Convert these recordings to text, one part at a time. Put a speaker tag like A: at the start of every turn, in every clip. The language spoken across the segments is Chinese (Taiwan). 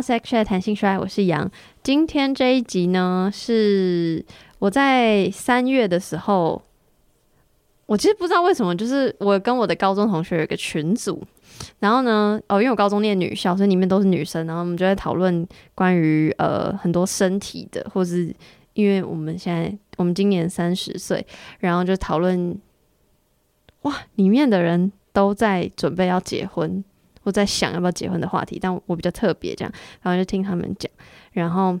A: Sex Chat 談性說愛，我是楊。今天這一集呢，是我在三月的時候，我其實不知道為什麼，就是我跟我的高中同學有一個群組，然後呢，哦，因為我高中念女校，所以裡面都是女生，然後我們就在討論關於呃很多身體的，或是因為我們現在我們今年三十歲，然後就討論，哇，裡面的人都在準備要結婚。都在想要不要結婚的話題，但我比較特別這樣，然後就聽他們講。然後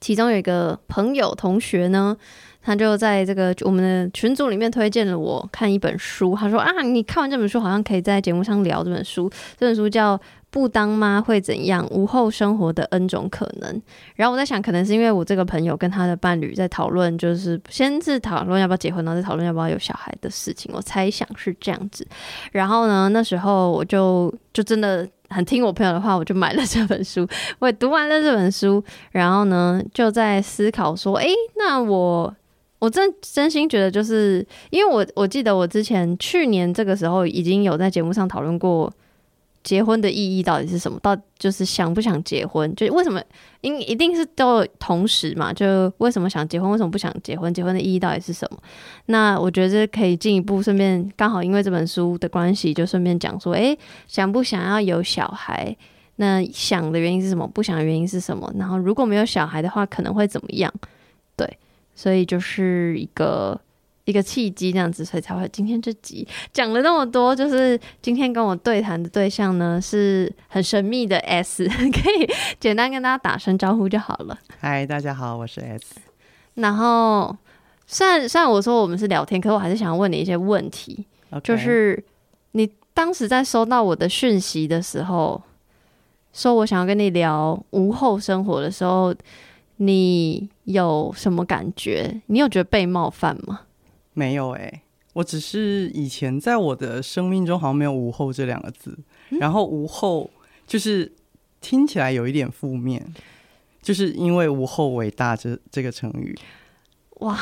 A: 其中有一個朋友同學呢，他就在這個我們的群組裡面推薦了我看一本書，他說啊，你看完這本書好像可以在節目上聊這本書，這本書叫。不當媽會怎樣？無後生活的 N 種可能。然後我在想，可能是因為我這個朋友跟他的伴侶在討論，就是先是討論要不要結婚，然後再討論要不要有小孩的事情。我猜想是這樣子。然後呢，那時候我就就真的很聽我朋友的話，我就買了這本書。我也讀完了這本書，然後呢，就在思考說，哎、欸，那我我真真心覺得，就是因為我我記得我之前去年這個時候已經有在節目上討論過。結婚的意義到底是什麼？到底就是想不想結婚？就為什麼？因一定是都同時嘛？就為什麼想結婚？為什麼不想結婚？結婚的意義到底是什麼？那我覺得可以進一步順便，剛好因為這本書的關係，就順便講說，哎，想不想要有小孩？那想的原因是什麼？不想的原因是什麼？然後如果沒有小孩的話，可能會怎麼樣？對，所以就是一個。一個契機，這樣子，所以才會今天這集講了那麼多。就是今天跟我對談的對象呢，是很神秘的 S，可以簡單跟大家打聲招呼就好了。
B: 嗨，大家好，我是 S。
A: 然後，雖然雖然我說我們是聊天，可是我還是想問你一些問題。Okay. 就是你當時在收到我的訊息的時候，說我想要跟你聊無後生活的時候，你有什麼感覺？你有覺得被冒犯嗎？
B: 沒有哎、欸，我只是以前在我的生命中好像沒有“無後”這兩個字，嗯、然後“無後”就是聽起來有一點負面，就是因為“無後為大這”這這個成語，
A: 哇。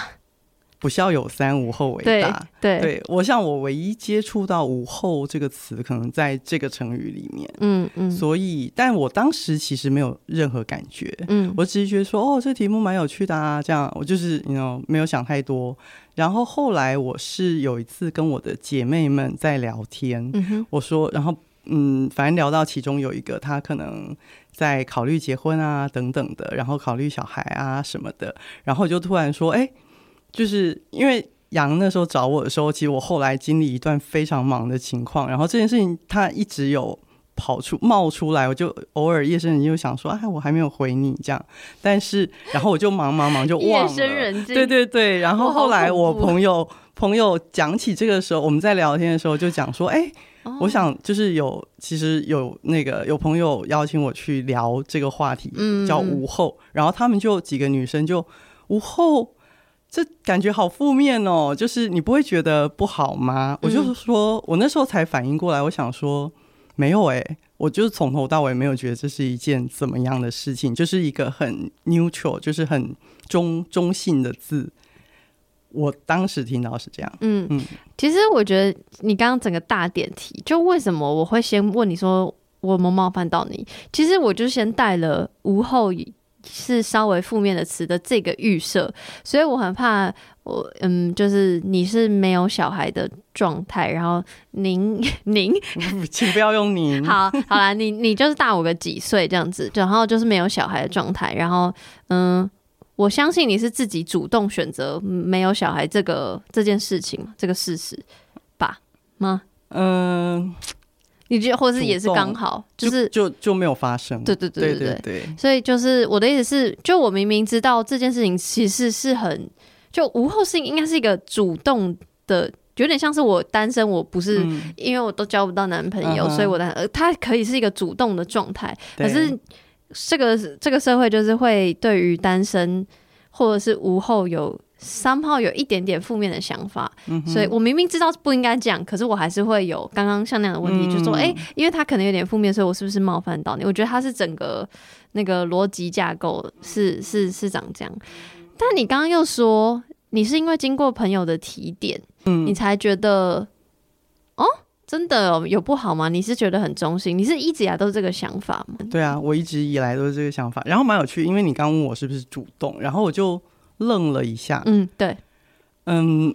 B: 不孝有三，無後為大。對，對、對我像我唯一接觸到“無後”這個詞，可能在這個成語裡面。嗯
A: 嗯。嗯，所
B: 以，但我當時其實沒有任何感覺。嗯，我只是覺得說，哦，這題目蠻有趣的啊。這樣，我就是，你知道，沒有想太多。然後後來，我是有一次跟我的姐妹們在聊天。嗯哼我說，然後，嗯，反正聊到其中有一個，她可能在考慮結婚啊等等的，然後考慮小孩啊什麼的。然後就突然說，哎。就是因為楊那時候找我的時候，其實我後來經歷一段非常忙的情況，然後這件事情他一直有跑出冒出來，我就偶爾夜深人靜又想說，哎，我還沒有回你這樣，但是然後我就忙忙忙就忘了。夜深人靜。對對對，然後後來我朋友朋友講起這個時候，我們在聊天的時候就講說，哎，我想就是有其實有那個有朋友邀請我去聊這個話題，叫無後，然後他們就幾個女生就無後。這感覺好負面哦，就是你不會覺得不好嗎？嗯、我就是說，我那時候才反應過來，我想說沒有哎、欸，我就從頭到尾沒有覺得這是一件怎麼樣的事情，就是一個很 neutral，就是很中中性的字。我當時聽到是這樣，嗯嗯，
A: 嗯其實我覺得你剛剛整個大點題，就為什麼我會先問你說我沒冒犯到你？其實我就先帶了無後語是稍微負面的詞的這個預設，所以我很怕我，嗯，就是你是沒有小孩的狀態，然後您、您，
B: 請不要用您、你，
A: 好好啦，你你就是大我個幾歲這樣子，然後就是沒有小孩的狀態，然後嗯，我相信你是自己主動選擇沒有小孩這個這件事情，這個事實，吧。嗎？嗯、呃。你或是也是剛好，就是
B: 就就沒有發生。對對對對對對，
A: 所以就是我的意思是，就我明明知道這件事情其實是很就無後性，應該是一個主動的，有點像是我單身，我不是、嗯、因為我都交不到男朋友，嗯嗯，所以我的他可以是一個主動的狀態。對 可是這個這個社會就是會對於單身或者是無後有，三炮有一點點負面的想法，嗯、哼所以我明明知道不應該講，可是我還是會有剛剛像那樣的問題就是，就說哎，因為他可能有點負面，所以我是不是冒犯到你？我覺得他是整個那個邏輯架構是是是長這樣，但你剛剛又說你是因為經過朋友的提點，嗯、你才覺得哦，真的有不好嗎？你是覺得很忠心？你是一直以來都是這個想法嗎？
B: 對啊，我一直以來都是這個想法，然後蠻有趣，因為你剛問我是不是主動，然後我就。愣了一下，嗯，對，嗯，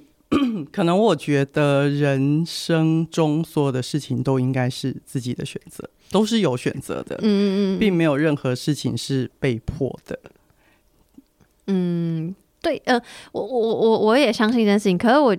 B: 可能我覺得人生中所有的事情都應該是自己的選擇，都是有選擇的，嗯嗯，嗯並沒有任何事情是被迫的。嗯，
A: 對，呃，我我我我也相信這件事情，可是我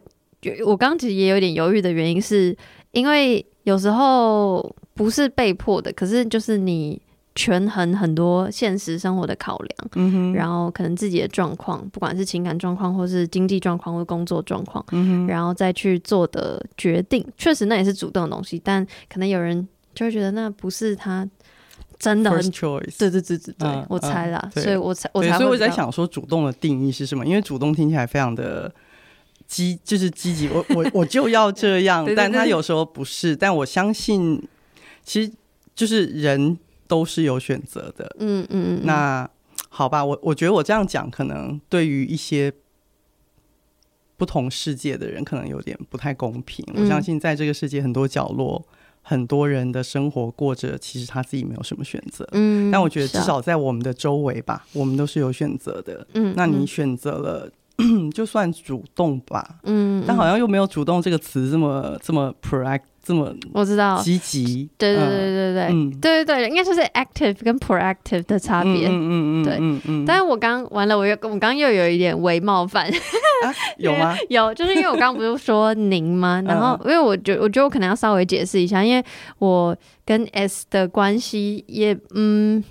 A: 我剛其實也有點猶豫的原因是，是因為有時候不是被迫的，可是就是你。權衡很多現實生活的考量，嗯、哼然後可能自己的狀況，不管是情感狀況，或是經濟狀況，或工作狀況，嗯、哼然後再去做的決定，確實那也是主動的東西。但可能有人就會覺得那不是他真的很 First choice，對對對我猜啦，啊、所以我才對我才會，會在想
B: 說主動的定義是什麼？因為主動聽起來非常的積，就是積極，我我我就要這樣， 對對對對但他有時候不是。但我相信，其實就是人。都是有選擇的，嗯嗯嗯。嗯
A: 嗯那
B: 好吧，我我覺得我這樣講，可能對於一些不同世界的人，可能有點不太公平。嗯，我相信在這個世界很多角落，很多人的生活過着，其實他自己沒有什麼選擇。嗯，但我覺得至少在我們的周圍吧，啊，我們都是有選擇的，嗯。嗯，那你選擇了？ 就算主動吧，嗯，但好像又沒有“主動”這個詞這麼這麼 proactive，這麼我知道積極，對對、嗯、對對對對，嗯、
A: 對，對，對應該就是 active 跟 proactive 的差別、嗯，嗯嗯嗯，對，嗯嗯、但是我剛完了，我又我剛又有一點微冒犯，啊、 有嗎？有，就是因為我剛剛不是說您嗎？ 然後，因為我覺我覺得我可能要稍微解釋一下，因為我跟 S 的關係也嗯。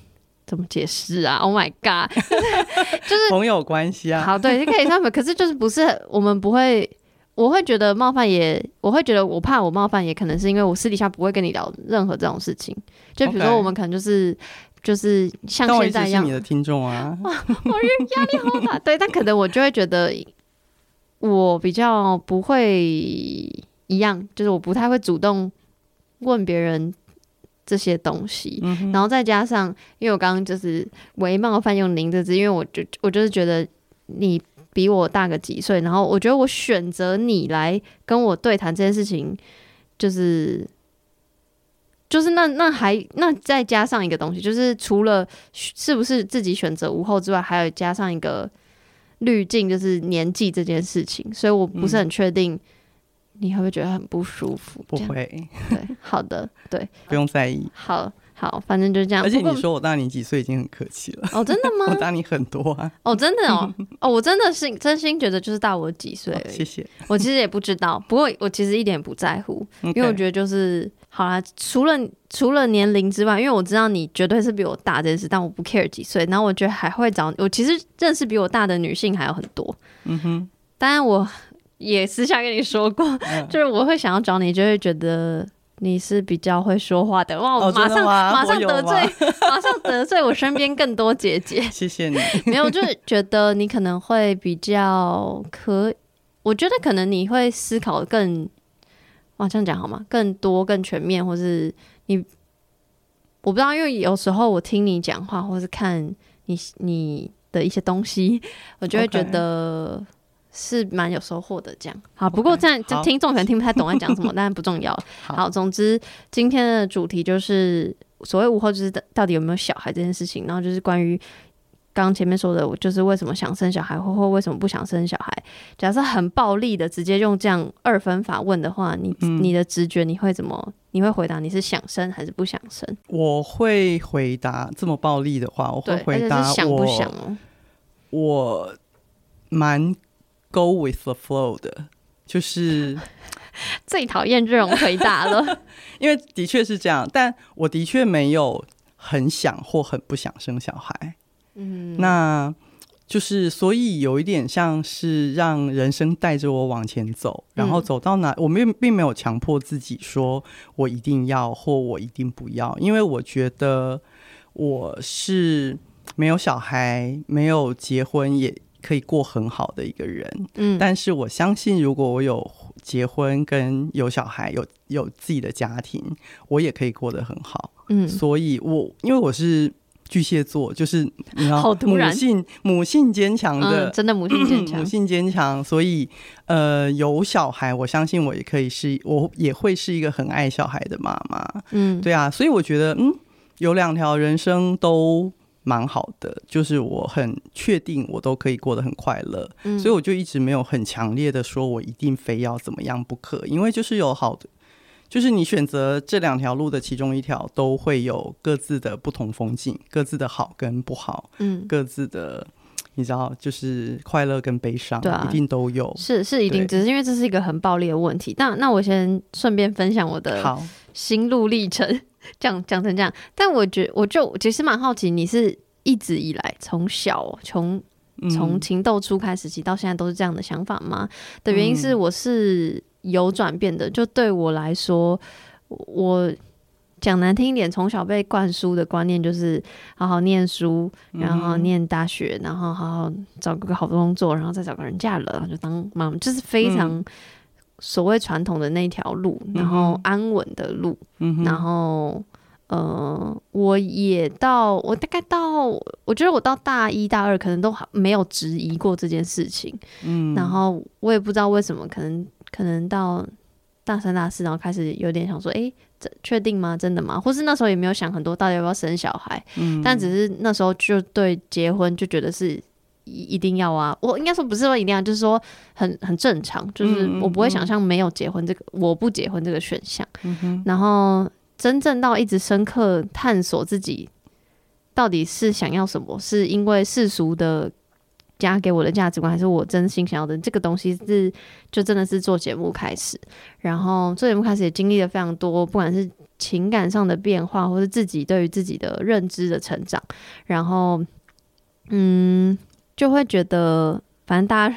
A: 怎麼解釋啊？Oh my god，
B: 就是朋友關係啊。好，對，你可以
A: 他們， 可是就是不是我們不會，我會覺得冒犯也，我會覺得我怕我冒犯，也可能是因為我私底下不會跟你聊任何這種事情。就比如說，我們可能就是 Okay. 就是像現在一樣一
B: 你的聽眾啊，
A: 我 壓 力好大。對，但可能我就會覺得我比較不會一樣，就是我不太會主動問別人。這些東西，嗯、哼然後再加上，因為我剛剛就是微冒犯用您的字，因為我就我就是覺得你比我大個幾歲，然後我覺得我選擇你來跟我對談這件事情，就是就是那那還那再加上一個東西，就是除了是不是自己選擇無後之外，還要加上一個濾鏡，就是年紀這件事情，所以我不是很確定、嗯。你會不會覺得很不舒服？不會。對，好的， 對，不用在意。好，好，反正就這樣。而且你說
B: 我大你幾歲已經很客氣了。 哦，真的嗎？ 我大你很多
A: 啊。哦，真的哦。 哦，我真的是真心覺得就是大我幾歲。哦、謝謝。我其實也不知道，不過我其實一點也不在乎， Okay 因為我覺得就是好啦。除了除了年齡之外，因為我知道你絕對是比我大這件事，但我不 care 幾歲。然後我覺得還會找我，其實認識比我大的女性還有很多。嗯哼。當然我。也私下跟你說過，嗯、就是我會想要找你，就會覺得你是比較會說話的。哇、哦，我馬上馬上得罪，馬上得罪我身邊更多姐姐。 謝謝你， 沒有，就是覺得你可能會比較可，我覺得可能你會思考更哇，這樣講好嗎？更多、更全面，或是你我不知道，因為有時候我聽你講話，或是看你你的一些東西，我就會覺得。Okay. 是蠻有收穫的，這樣好。不過這樣就，okay, 好聽眾可能聽不太懂在講 什麼，但是不重要。好，總之今天的主題就是所謂“無後”，就是到底有沒有小孩這件事情。然後就是關於剛剛前面說的，就是為什麼想生小孩，或或為什麼不想生小孩。假設很暴力的直接用這樣二分法問的話，你你的直覺你會怎麼？你會回答你是想生還是不想生？
B: 我會回答這麼暴力的話，我會回答想不想、哦、我我蠻。Go with the flow 的，就是
A: 最討厭這種回答
B: 了。 因為的確是這樣，但我的確沒有很想或很不想生小孩。嗯，那就是所以有一點像是讓人生帶着我往前走，嗯、然後走到哪，我並沒有強迫自己說我一定要或我一定不要，因為我覺得我是沒有小孩，沒有結婚也。可以過很好的一個人，嗯，但是我相信，如果我有結婚跟有小孩，有有自己的家庭，我也可以過得很好，嗯。所以我，我因為我是巨蟹座，就是你知道，好突然，母性、母性堅強的，嗯，真的母性堅強，母性堅強。所以，呃，有小孩，我相信我也可以是，我也會是一個很愛小孩的媽媽，嗯，對啊。所以我覺得，嗯，有兩條人生都。蠻好的，就是我很確定我都可以過得很快樂，嗯、所以我就一直沒有很強烈的說，我一定非要怎麼樣不可，因為就是有好，就是你選擇這兩條路的其中一條，都會有各自的不同風景，各自的好跟不好，嗯、各自的。你知道，就是快樂跟悲傷，一定都有。是、啊、是，是一定，對只是因為這
A: 是一個很暴力的問題。那那我先順便分享我的心路歷程，講好講成這樣。但我覺得，我就其實蠻好奇，你是一直以來從小從從情竇初開時期到現在都是這樣的想法嗎？嗯、的原因是，我是有轉變的。就對我來說，我。講難聽一點，從小被灌輸的觀念就是好好念書，然後念大學，然後好好找個好工作，然後再找個人嫁了，然後就當媽媽，這是非常所謂傳統的那條路，然後安穩的路。嗯、哼然後，呃，我也到我大概到，我覺得我到大一大二可能都沒有質疑過這件事情。嗯、然後我也不知道為什麼，可能可能到。大三大四，然後開始有點想說，哎、欸，這確定嗎？真的嗎？或是那時候也沒有想很多，到底要不要生小孩？嗯，但只是那時候就對結婚就覺得是一一定要啊。我應該說不是說一定要，就是說很很正常，就是我不會想象沒有結婚這個嗯嗯嗯我不結婚這個選項。嗯、哼然後真正到一直深刻探索自己到底是想要什麼，是因為世俗的。加給我的價值觀，還是我真心想要的，這個東西是，就真的是做節目開始，然後做節目開始也經歷了非常多，不管是情感上的變化，或是自己對於自己的認知的成長，然後，嗯，就會覺得，反正大家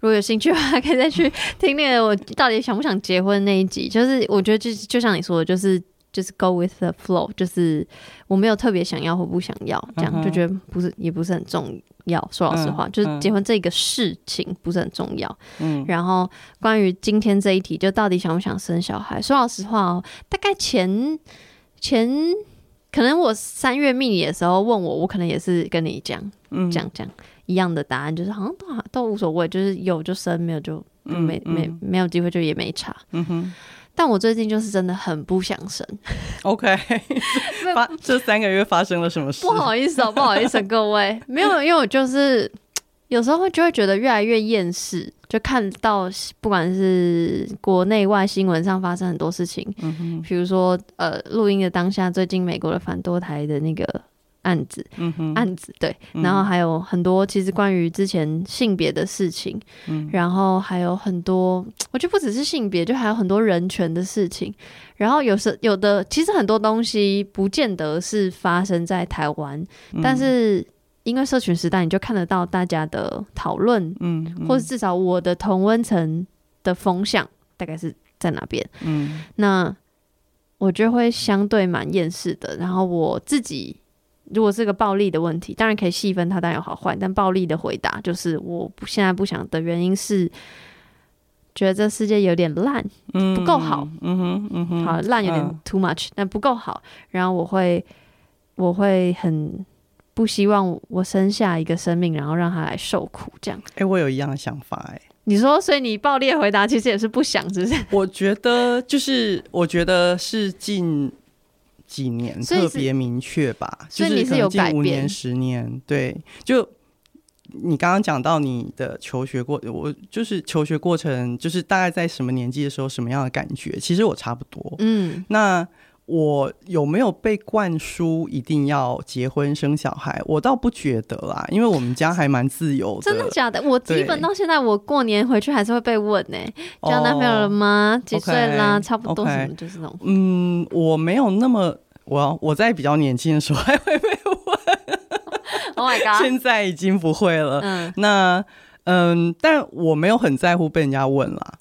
A: 如果有興趣的話，可以再去聽那個我到底想不想結婚那一集，就是我覺得就就像你說的，就是。就是 go with the flow，就是我沒有特別想要或不想要，這樣、uh huh. 就覺得不是也不是很重要。說老實話，uh huh. 就是結婚這個事情不是很重要。嗯、uh，huh. 然後關於今天這一題，就到底想不想生小孩？Uh huh. 說老實話哦，大概前前可能我三月命裡的時候問我，我可能也是跟你講講講一樣的答案，就是好像都都無所謂，就是有就生，沒有就、uh huh. 沒沒沒有機會就也沒差。嗯、uh huh. 但我最近就是真的很不想生。
B: OK，發 這三個月發生了什麼事？ 不好意思哦，
A: 不好意思，各位， 沒有，因為我就是有時候會就會覺得越來越厭世，就看到不管是國內外新聞上發生很多事情，嗯哼，比如說呃，錄音的當下，最近美國的反墮胎的那個。案子，嗯、哼案子對，嗯、哼然後還有很多，其實關於之前性別的事情，嗯、然後還有很多，我覺得不只是性別，就還有很多人權的事情。然後有時有的，其實很多東西不見得是發生在台灣，嗯、但是因為社群時代，你就看得到大家的討論，嗯嗯、或是至少我的同溫層的風向大概是在哪邊，嗯、那我覺得會相對蠻厭世的。然後我自己。如果是個暴力的問題，當然可以細分它，當然有好壞。但暴力的回答就是，我現在不想的原因是，覺得這世界有點爛，嗯、不夠好嗯。嗯哼，嗯哼，好爛有點 too much，、啊、但不夠好。然後我會，我會很不希望我生下一個生命，然後讓他來受苦。這樣，哎、欸，我有一樣的想法、欸，哎，你說，所以你暴力的回答其實也是不想，是不是？我
B: 覺得就是，我覺得是近幾年特別明確吧，以就是可能近五年、十年，對。就你剛剛講到你的求學過，我就是求學過程，就是大概在什麼年紀的時候，什麼樣的感覺？其實我差不多，嗯。那。我有沒有被灌輸一定要結婚生小孩？我倒不覺得啦，因為我們家還蠻自由的。真的假的？我基本到
A: 現在，我過年回去還是會被問呢、欸：對「交男朋友了嗎？Oh, 幾歲啦？Okay, 差不多什麼？就是那種。Okay.
B: 嗯，我沒有那麼我我在比較年輕的時候還會被問。 Oh my god！現在已經不會了。嗯，那嗯，但我沒有很在乎被人家問啦。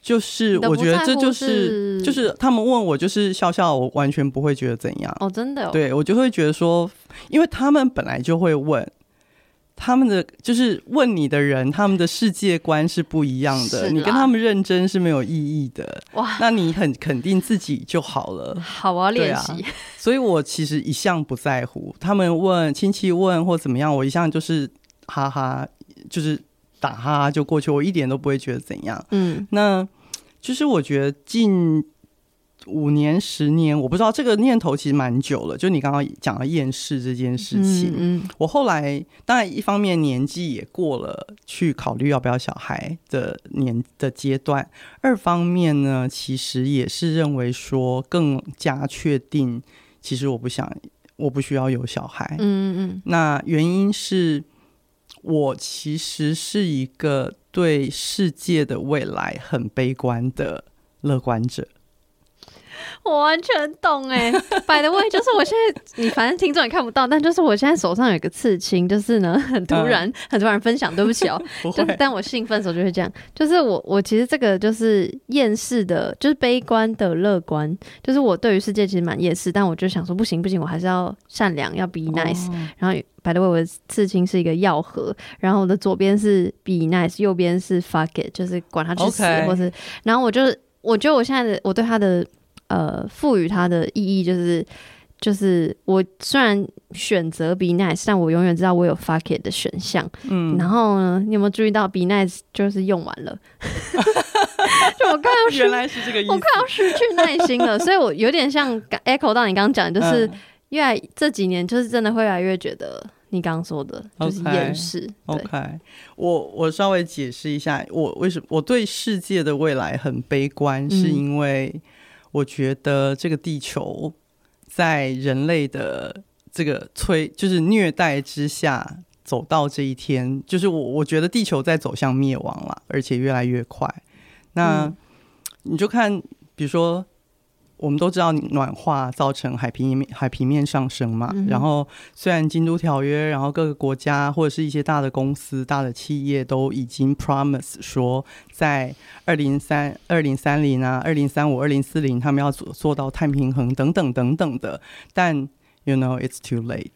B: 就是我覺得這就是就是他們問我，就是笑笑，我完全不會覺得怎樣哦，真的。對，我就會覺得說，因為他們本來就會問，他們的就是問你的人，他們的世界觀是不一樣的，你跟他們認真是沒有意義的哇。那你很肯定自己就好了，
A: 好啊，練習。
B: 所以我其實一向不在乎他們問親戚問或怎麼樣，我一向就是哈哈，就是。打哈哈就過去，我一點都不會覺得怎樣。嗯，那其實我覺得近五年、十年，我不知道這個念頭其實蠻久了。就你剛剛講了厭世這件事情，嗯，嗯，我後來當然一方面年紀也過了去考慮要不要小孩的年的階段，二方面呢，其實也是認為說更加確定，其實我不想，我不需要有小孩。嗯嗯，那原因是。我其實是一個對世界的未來很悲觀的樂觀者。
A: 我完全懂哎、欸，by the way, 就是我現在，你反正聽眾也看不到， 但就是我現在手上有一個刺青，就是呢，很突然，uh, 很突然分享，對不起哦， 不會 就是，但我興奮的時候就會這樣，就是我我其實這個就是厭世的，就是悲觀的樂觀，就是我對於世界其實蠻厭世，但我就想說不行不行，我還是要善良，要 be nice，、oh. 然後 by the way 我的刺青是一個藥盒，然後我的左邊是 be nice，右邊是 fuck it，就是管他去死，Okay. 或是，然後我就是我覺得我現在的我對他的。呃，賦予它的意義就是，就是我雖然選擇 be nice，但我永遠知道我有 fuck it 的選項。嗯，然後呢，你有沒有注意到 be nice 就是用完了？ 就我快要原來是這個意思，意我快要失去耐心了。 所以，我有點像 echo 到你剛剛講的，就是因為這幾年就是真的會越來越覺得你剛剛說的，就是厭世。
B: OK，, okay 對我我稍微解釋一下，我為什麼我對世界的未來很悲觀，嗯、是因為。我覺得這個地球在人類的這個催，就是虐待之下走到這一天，就是我我覺得地球在走向滅亡了，而且越來越快。那你就看，比如說。我們都知道暖化造成海平面海平面上升嘛，嗯、哼然後雖然京都條約，然後各個國家或者是一些大的公司、大的企業都已經 promise 說在二零三二零三零啊、二零三五、二零四零，他們要做做到碳平衡等等等等的，但 you know it's too late，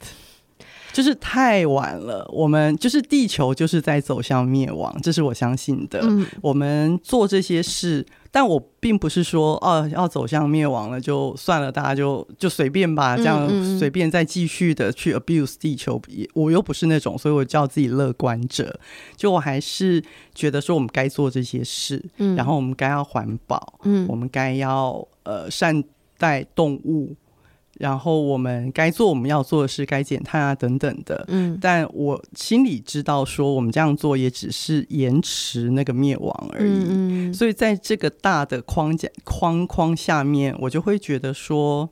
B: 就是太晚了。我們就是地球就是在走向滅亡，這是我相信的。嗯、哼我們做這些事。但我並不是說，哦，要走向滅亡了，就算了，大家就就隨便吧，這樣隨便再繼續的去 abuse 地球，嗯嗯，我又不是那種，所以我叫自己樂觀者，就我還是覺得說我們該做這些事，嗯，然後我們該要環保，嗯，我們該要呃善待動物。然後我們該做我們要做的事，該減碳啊等等的，嗯，但我心裡知道說我們這樣做也只是延遲那個滅亡而已，嗯嗯，所以在這個大的框架框框下面，我就會覺得說，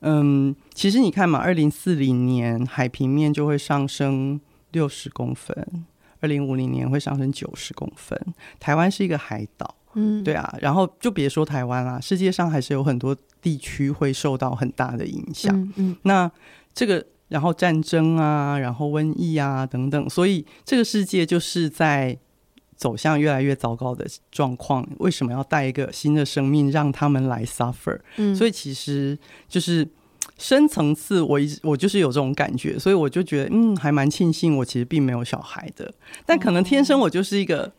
B: 嗯，其實你看嘛，二零四零年海平面就會上升六十公分，二零五零年會上升九十公分，台灣是一個海島。嗯，對啊，然後就別說台灣啦，啊，世界上還是有很多地區會受到很大的影響。嗯，嗯，那這個，然後戰爭啊，然後瘟疫啊等等，所以這個世界就是在走向越來越糟糕的狀況。為什麼要帶一個新的生命讓他們來 suffer？嗯，所以其實就是深層次我，我一直我就是有這種感覺，所以我就覺得，嗯，還蠻慶幸我其實並沒有小孩的，但可能天生我就是一個。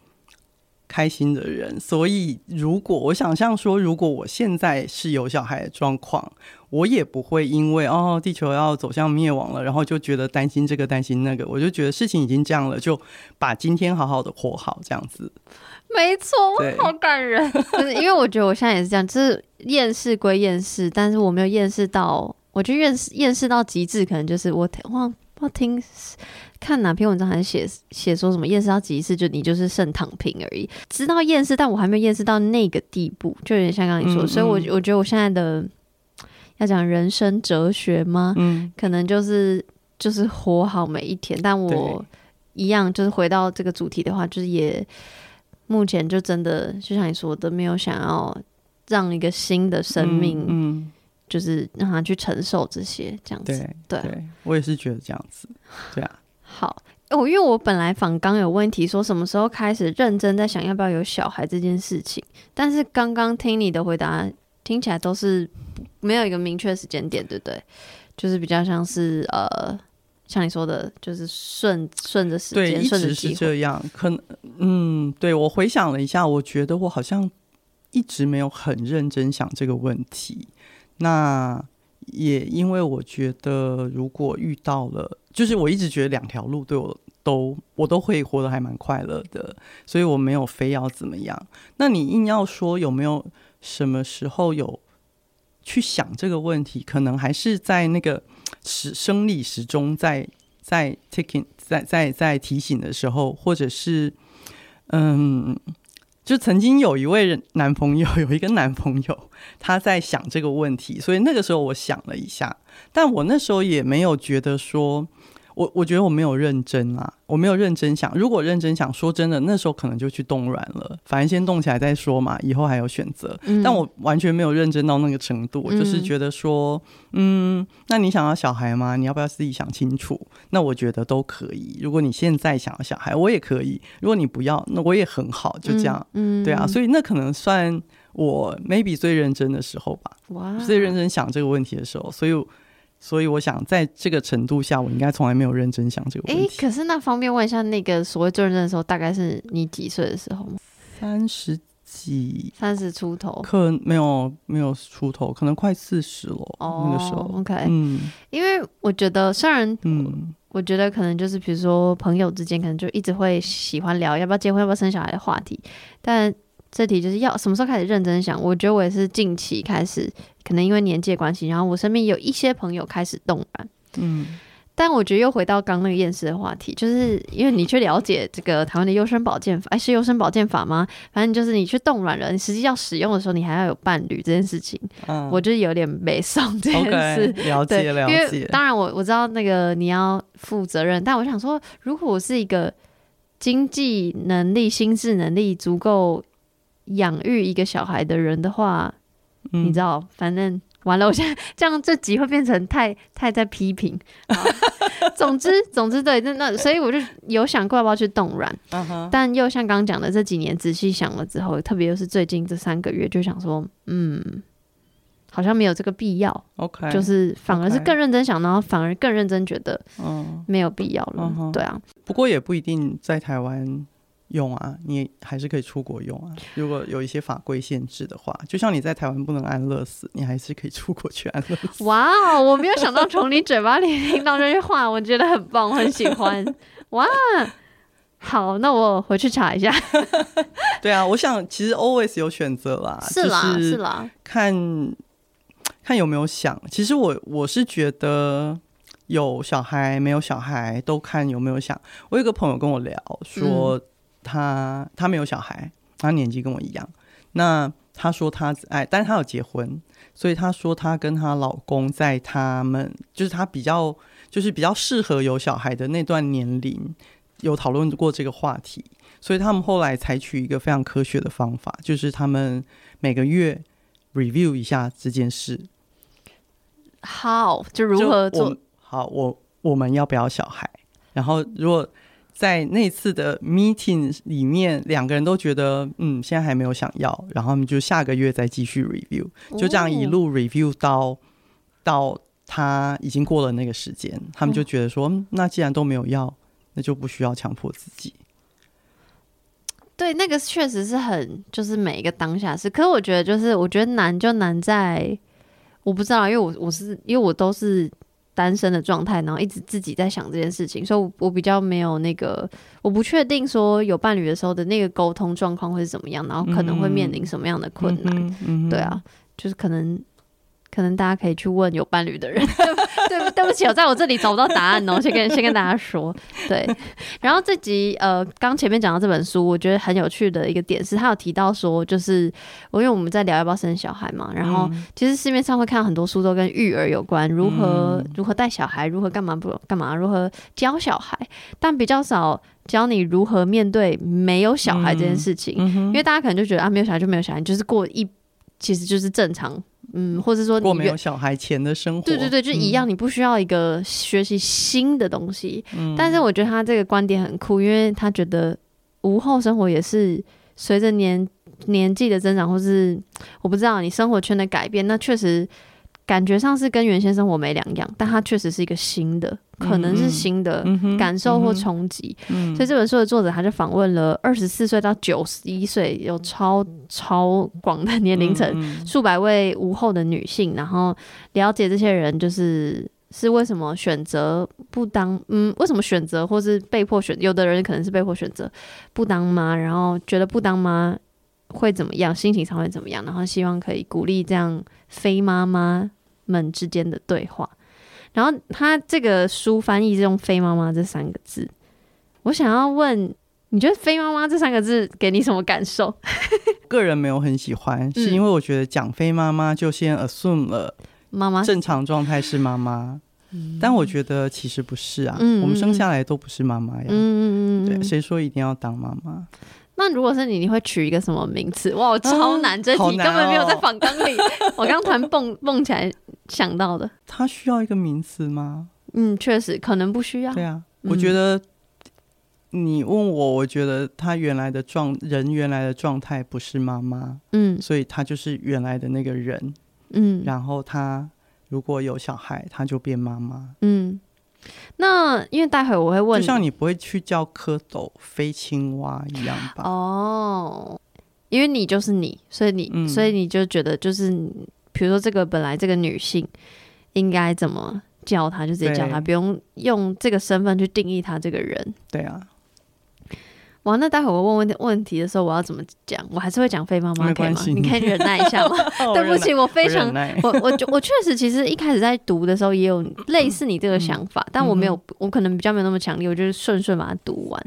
B: 開心的人，所以如果我想象說，如果我現在是有小孩的狀況，我也不會因為哦，地球要走向滅亡了，然後就覺得擔心這個擔心那個，我就覺得事情已經這樣了，就把今天好好的活好這樣子。
A: 沒錯錯，我對好感人。 因為我覺得我現在也是這樣，就是厭世歸厭世，但是我沒有厭世到，我覺得厭世厭世到極致，可能就是我聽，我聽。看哪篇文章還是寫寫說什麼厭世到極致，就你就是剩躺平而已。知道厭世，但我還沒有厭世到那個地步，就有點像剛剛你說的，嗯，所以我，我我覺得我現在的要講人生哲學嗎？嗯，可能就是就是活好每一天。但我一樣就是回到這個主題的話，對就是也目前就真的就像你說的，沒有想要讓一個新的生命，嗯，嗯就是讓他去承受這些這樣子。對，對啊，對
B: 我也是覺得這樣子。對啊。
A: 好，我、哦、因為我本來訪剛有問題說什麼時候開始認真在想要不要有小孩這件事情，但是剛剛聽你的回答，聽起來都是沒有一個明確時間點，對不對？就是比較像是呃，像你說的，就是順順着時間，順對一直是這
B: 樣。可能嗯，對，我回想了一下，我覺得我好像一直沒有很認真想這個問題。那。也因為我覺得，如果遇到了，就是我一直覺得兩條路對我都，我都會活得還蠻快樂的，所以我沒有非要怎麼樣。那你硬要說有沒有什麼時候有去想這個問題，可能還是在那個時生理時鐘在在 ticking 在在在在提醒的時候，或者是嗯。就曾經有一位男朋友，有一個男朋友，他在想這個問題，所以那個時候我想了一下，但我那時候也沒有覺得說。我我覺得我沒有認真啊，我沒有認真想。如果認真想，說真的，那時候可能就去凍卵了。反正先凍起來再說嘛，以後還有選擇。嗯、但我完全沒有認真到那個程度，我就是覺得說，嗯，嗯，那你想要小孩嗎？你要不要自己想清楚？那我覺得都可以。如果你現在想要小孩，我也可以。如果你不要，那我也很好。就這樣，嗯，對啊，所以那可能算我 maybe 最認真的時候吧，哇，最認真想這個問題的時候，所以。所以我想，在這個程度下，我應該從來沒有認真想這個問題。欸？
A: 可是那方便問一下，那個所謂最認真的、的時候，大概是你幾歲的時候嗎？三十幾，三十出頭，可
B: 沒有沒有出頭，可能快四十了。Oh, 那個時候，OK，嗯，
A: 因為我覺得，雖然嗯，我覺得可能就是，比如說朋友之間，可能就一直會喜歡聊要不要結婚、要不要生小孩的話題，但。這題就是要什麼時候開始認真想？我覺得我也是近期開始，可能因為年紀的關係，然後我身邊有一些朋友開始凍卵。嗯，但我覺得又回到剛剛那個厭世的話題，就是因為你去了解這個台灣的優生保健法，哎，是優生保健法嗎？反正就是你去凍卵了，你實際要使用的時候，你還要有伴侶這件事情，嗯，我覺得有點悲傷。這件事 okay, 了解了解，因為當然我我知道那個你要負責任，了解。但我想說，如果我是一個經濟能力、心智能力足夠。養育一個小孩的人的話，嗯、你知道，反正完了，我現在這樣這集會變成太太在批評、 啊。總之，總之，對，那那，所以我就有想過要不要去凍卵，uh huh. 但又像剛講的這幾年仔細想了之後，特別又是最近這三個月，就想說，嗯，好像沒有這個必要。OK，就是反而是更認真想，Okay. 然後反而更認真覺得，嗯，沒有必要了。Uh huh. 對啊，
B: 不過也不一定在台灣。用啊，你還是可以出國用啊。如果有一些法規限制的話，就像你在台灣不能安樂死，你還是可以出國去安樂死。哇
A: ，wow, 我沒有想到從你嘴巴裡聽到這句話， 我覺得很棒，我很喜歡。哇、wow，好，那我回去查一下。
B: 對啊，我想其實 always 有選擇啦，是啦，是，是啦，看看有沒有想。其實我我是覺得有小孩沒有小孩都看有沒有想。我有個朋友跟我聊說、嗯。他他沒有小孩，他年紀跟我一樣。那他說他哎，但是他有結婚，所以他說他跟她老公在他們就是他比較就是比較適合有小孩的那段年齡，有討論過這個話題。所以他們後來採取一個非常科學的方法，就是他們每個月 review 一下這件事。
A: 好，就如何做我
B: 好我我們要不要小孩？然後如果，在那次的 meeting 裡面，兩個人都覺得，嗯，現在還沒有想要，然後他們就下個月再繼續 review，就這樣一路 review 到、哦、到他已經過了那個時間，他們就覺得說、嗯嗯，那既然都沒有要，那就不需要強迫自己。
A: 對，那個確實是很，就是每一個當下是，可是我覺得就是，我覺得難就難在，我不知道，因為我我是因為我都是。單身的狀態，然後一直自己在想這件事情，所以，我比較沒有那個，我不確定說有伴侶的時候的那個溝通狀況會是怎麼樣，然後可能會面臨什麼樣的困難，嗯嗯、對啊，就是可能。可能大家可以去問有伴侶的人，對 對不起， 我在我這裡找不到答案哦、喔。 先跟先跟大家說，對。然後這集呃，剛前面講到這本書，我覺得很有趣的一個點是，他有提到說，就是我因為我們在聊要不要生小孩嘛，然後其實市面上會看到很多書都跟育兒有關，嗯、如何如何帶小孩，如何幹嘛不幹嘛，如何教小孩，但比較少教你如何面對沒有小孩這件事情，嗯嗯、因為大家可能就覺得啊，沒有小孩就沒有小孩，就是過一，其實就是正常。嗯，或是說我沒有小
B: 孩前的生活，對對對，就一樣，
A: 你不需要一個學習新的東西。嗯。但是我覺得他這個觀點很酷，因為他覺得無後生活也是隨着年年紀的增長，或是我不知道你生活圈的改變，那確實。感覺上是跟原先生活沒兩樣，但它確實是一個新的，可能是新的、嗯、哼感受或衝擊。嗯嗯、所以這本書的作者他就訪問了二十四歲到九十一歲，有超超廣的年齡層，數百位無後的女性，嗯、哼然後了解這些人就是是為什麼選擇不當，嗯，為什麼選擇或是被迫選，有的人可能是被迫選擇不當媽，然後覺得不當媽會怎麼樣，心情上會怎麼樣，然後希望可以鼓勵這樣非媽媽。們之間的對話，然後他這個書翻譯是用“非媽媽”這三個字，我想要問，你覺得“非媽媽”這三個字給你什麼感受？
B: 個人沒有很喜歡，嗯、是因為我覺得講“非媽媽”就先 assume 了媽媽正常狀態是媽媽，媽媽但我覺得其實不是啊，嗯嗯嗯嗯我們生下來都不是媽媽呀，對、誰、嗯嗯嗯嗯、說一定要
A: 當媽媽？那如果是你，你會取一個什麼名詞？哇，我超難！嗯、這題、哦、根本沒有在訪綱裡。 我剛才蹦蹦起來想到的。他需要一個名詞嗎？嗯，確實可能不需要。對啊，
B: 我覺得、嗯、你問我，我覺得他原來的狀人原來的狀態不是媽媽。嗯，所以他就是原來的那個人。嗯，然後他如果有小孩，他就變媽媽。
A: 嗯。那因為待會我會問，就像
B: 你不會去叫蝌蚪非青蛙一樣
A: 吧？哦，因為你就是你，所以你、嗯、所以你就覺得就是，比如說這個本來這個女性應該怎麼叫她，就直接叫她，對不用用這個身份去定義她這個人。對啊。哇，那待會我問問問題的時候，我要怎麼講？我還是會講非媽媽，沒關係，可以嗎？你可以忍耐一下嗎？ 耐對不起，我非常我我我確實其實一開始在讀的時候也有類似你這個想法，嗯、但我沒有，嗯、哼我可能比較沒有那麼強烈，我就是順順把它讀完。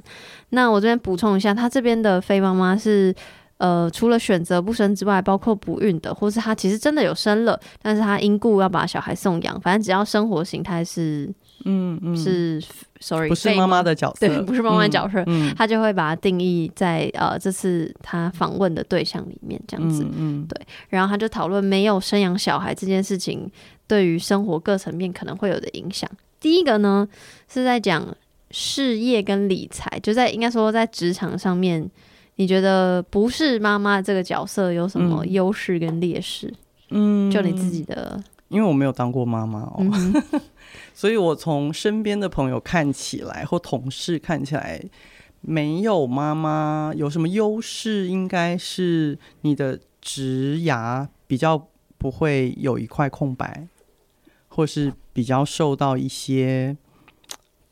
A: 那我這邊補充一下，他這邊的非媽媽是呃，除了選擇不生之外，包括不孕的，或是他其實真的有生了，但是他因故要把小孩送養，反正只要生活形態是。嗯嗯，是、嗯，sorry，不是媽媽的角色，對，不是媽媽的角色，嗯嗯、他就會把它定義在呃，這次他訪問的對象裡面這樣子，嗯嗯，嗯對，然後他就討論沒有生養小孩這件事情對於生活各層面可能會有的影響。第一個呢是在講事業跟理財，就在應該說在職場上面，你覺得不是媽媽這個角色有什麼優勢跟劣勢？嗯，就你自己的，
B: 因為我沒有當過媽媽哦、嗯。所以我從身邊的朋友看起來，或同事看起來，沒有媽媽有什麼優勢？應該是你的職涯比較不會有一塊空白，或是比較受到一些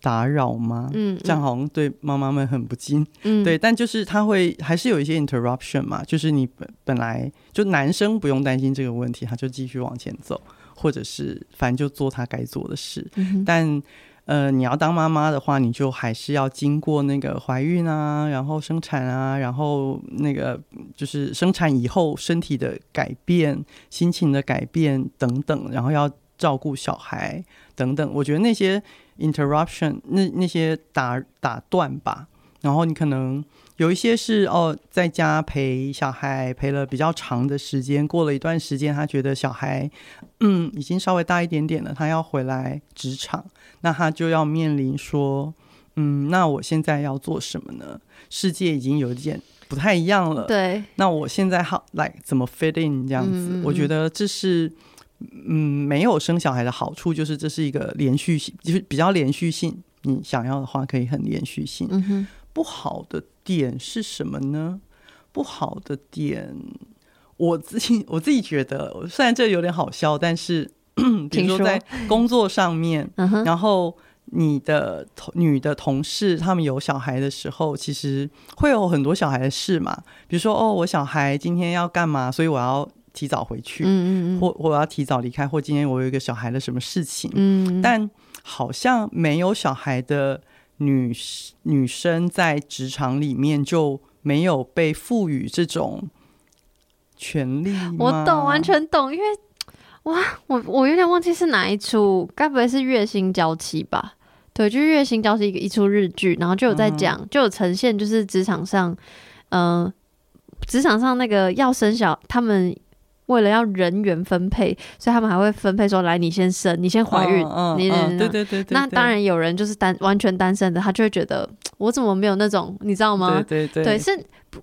B: 打擾嗎嗯？嗯，這樣好像對媽媽們很不敬。嗯，對，但就是他會還是有一些 interruption 嘛，就是你本本來就男生不用擔心這個問題，他就繼續往前走。或者是反正就做他該做的事，嗯、哼但，呃，你要當媽媽的話，你就還是要經過那個懷孕啊，然後生產啊，然後那個就是生產以後身體的改變、心情的改變等等，然後要照顧小孩等等。我覺得那些 interruption，那那些打打斷吧，然後你可能。有一些是哦，在家陪小孩陪了比較長的時間，過了一段時間，他覺得小孩嗯已經稍微大一點點了，他要回來職場，那他就要面臨說，嗯，那我現在要做什麼呢？世界已經有一點不太一樣了，對。那我現在好來、like, 怎麼 fit in 這樣子？嗯嗯，我覺得這是嗯沒有生小孩的好處，就是這是一個連續性，就是比較連續性。你想要的話可以很連續性。嗯哼。不好的點是什麼呢？不好的點，我自己我自己覺得，我雖然這有點好笑，但是
A: 比如說在工作
B: 上面，聽說，然後你的同女的同事她們有小孩的時候，其實會有很多小孩的事嘛。比如說哦，我小孩今天要幹嘛，所以我要提早回去，嗯嗯或我要提早離開，或今天我有一個小孩的什麼事情，嗯嗯但好像沒有小孩的，女女生在職場裡面就沒有被賦予這種權利嗎？我懂，
A: 完全懂。因為哇，我我有點忘記是哪一齣，該不會是《月薪嬌妻》吧？對，就《月薪嬌妻》一個一齣日劇，然後就有在講，嗯、就有呈現就是職場上，嗯、呃，職場上那個要生小他們，為了要人員分配，所以他們還會分配說：“來，你先生，你先懷孕。”嗯嗯，對對對。那當然，有人就是單完全單身的，他就會覺得我怎麼沒有那種，你知道嗎？對對對。對，是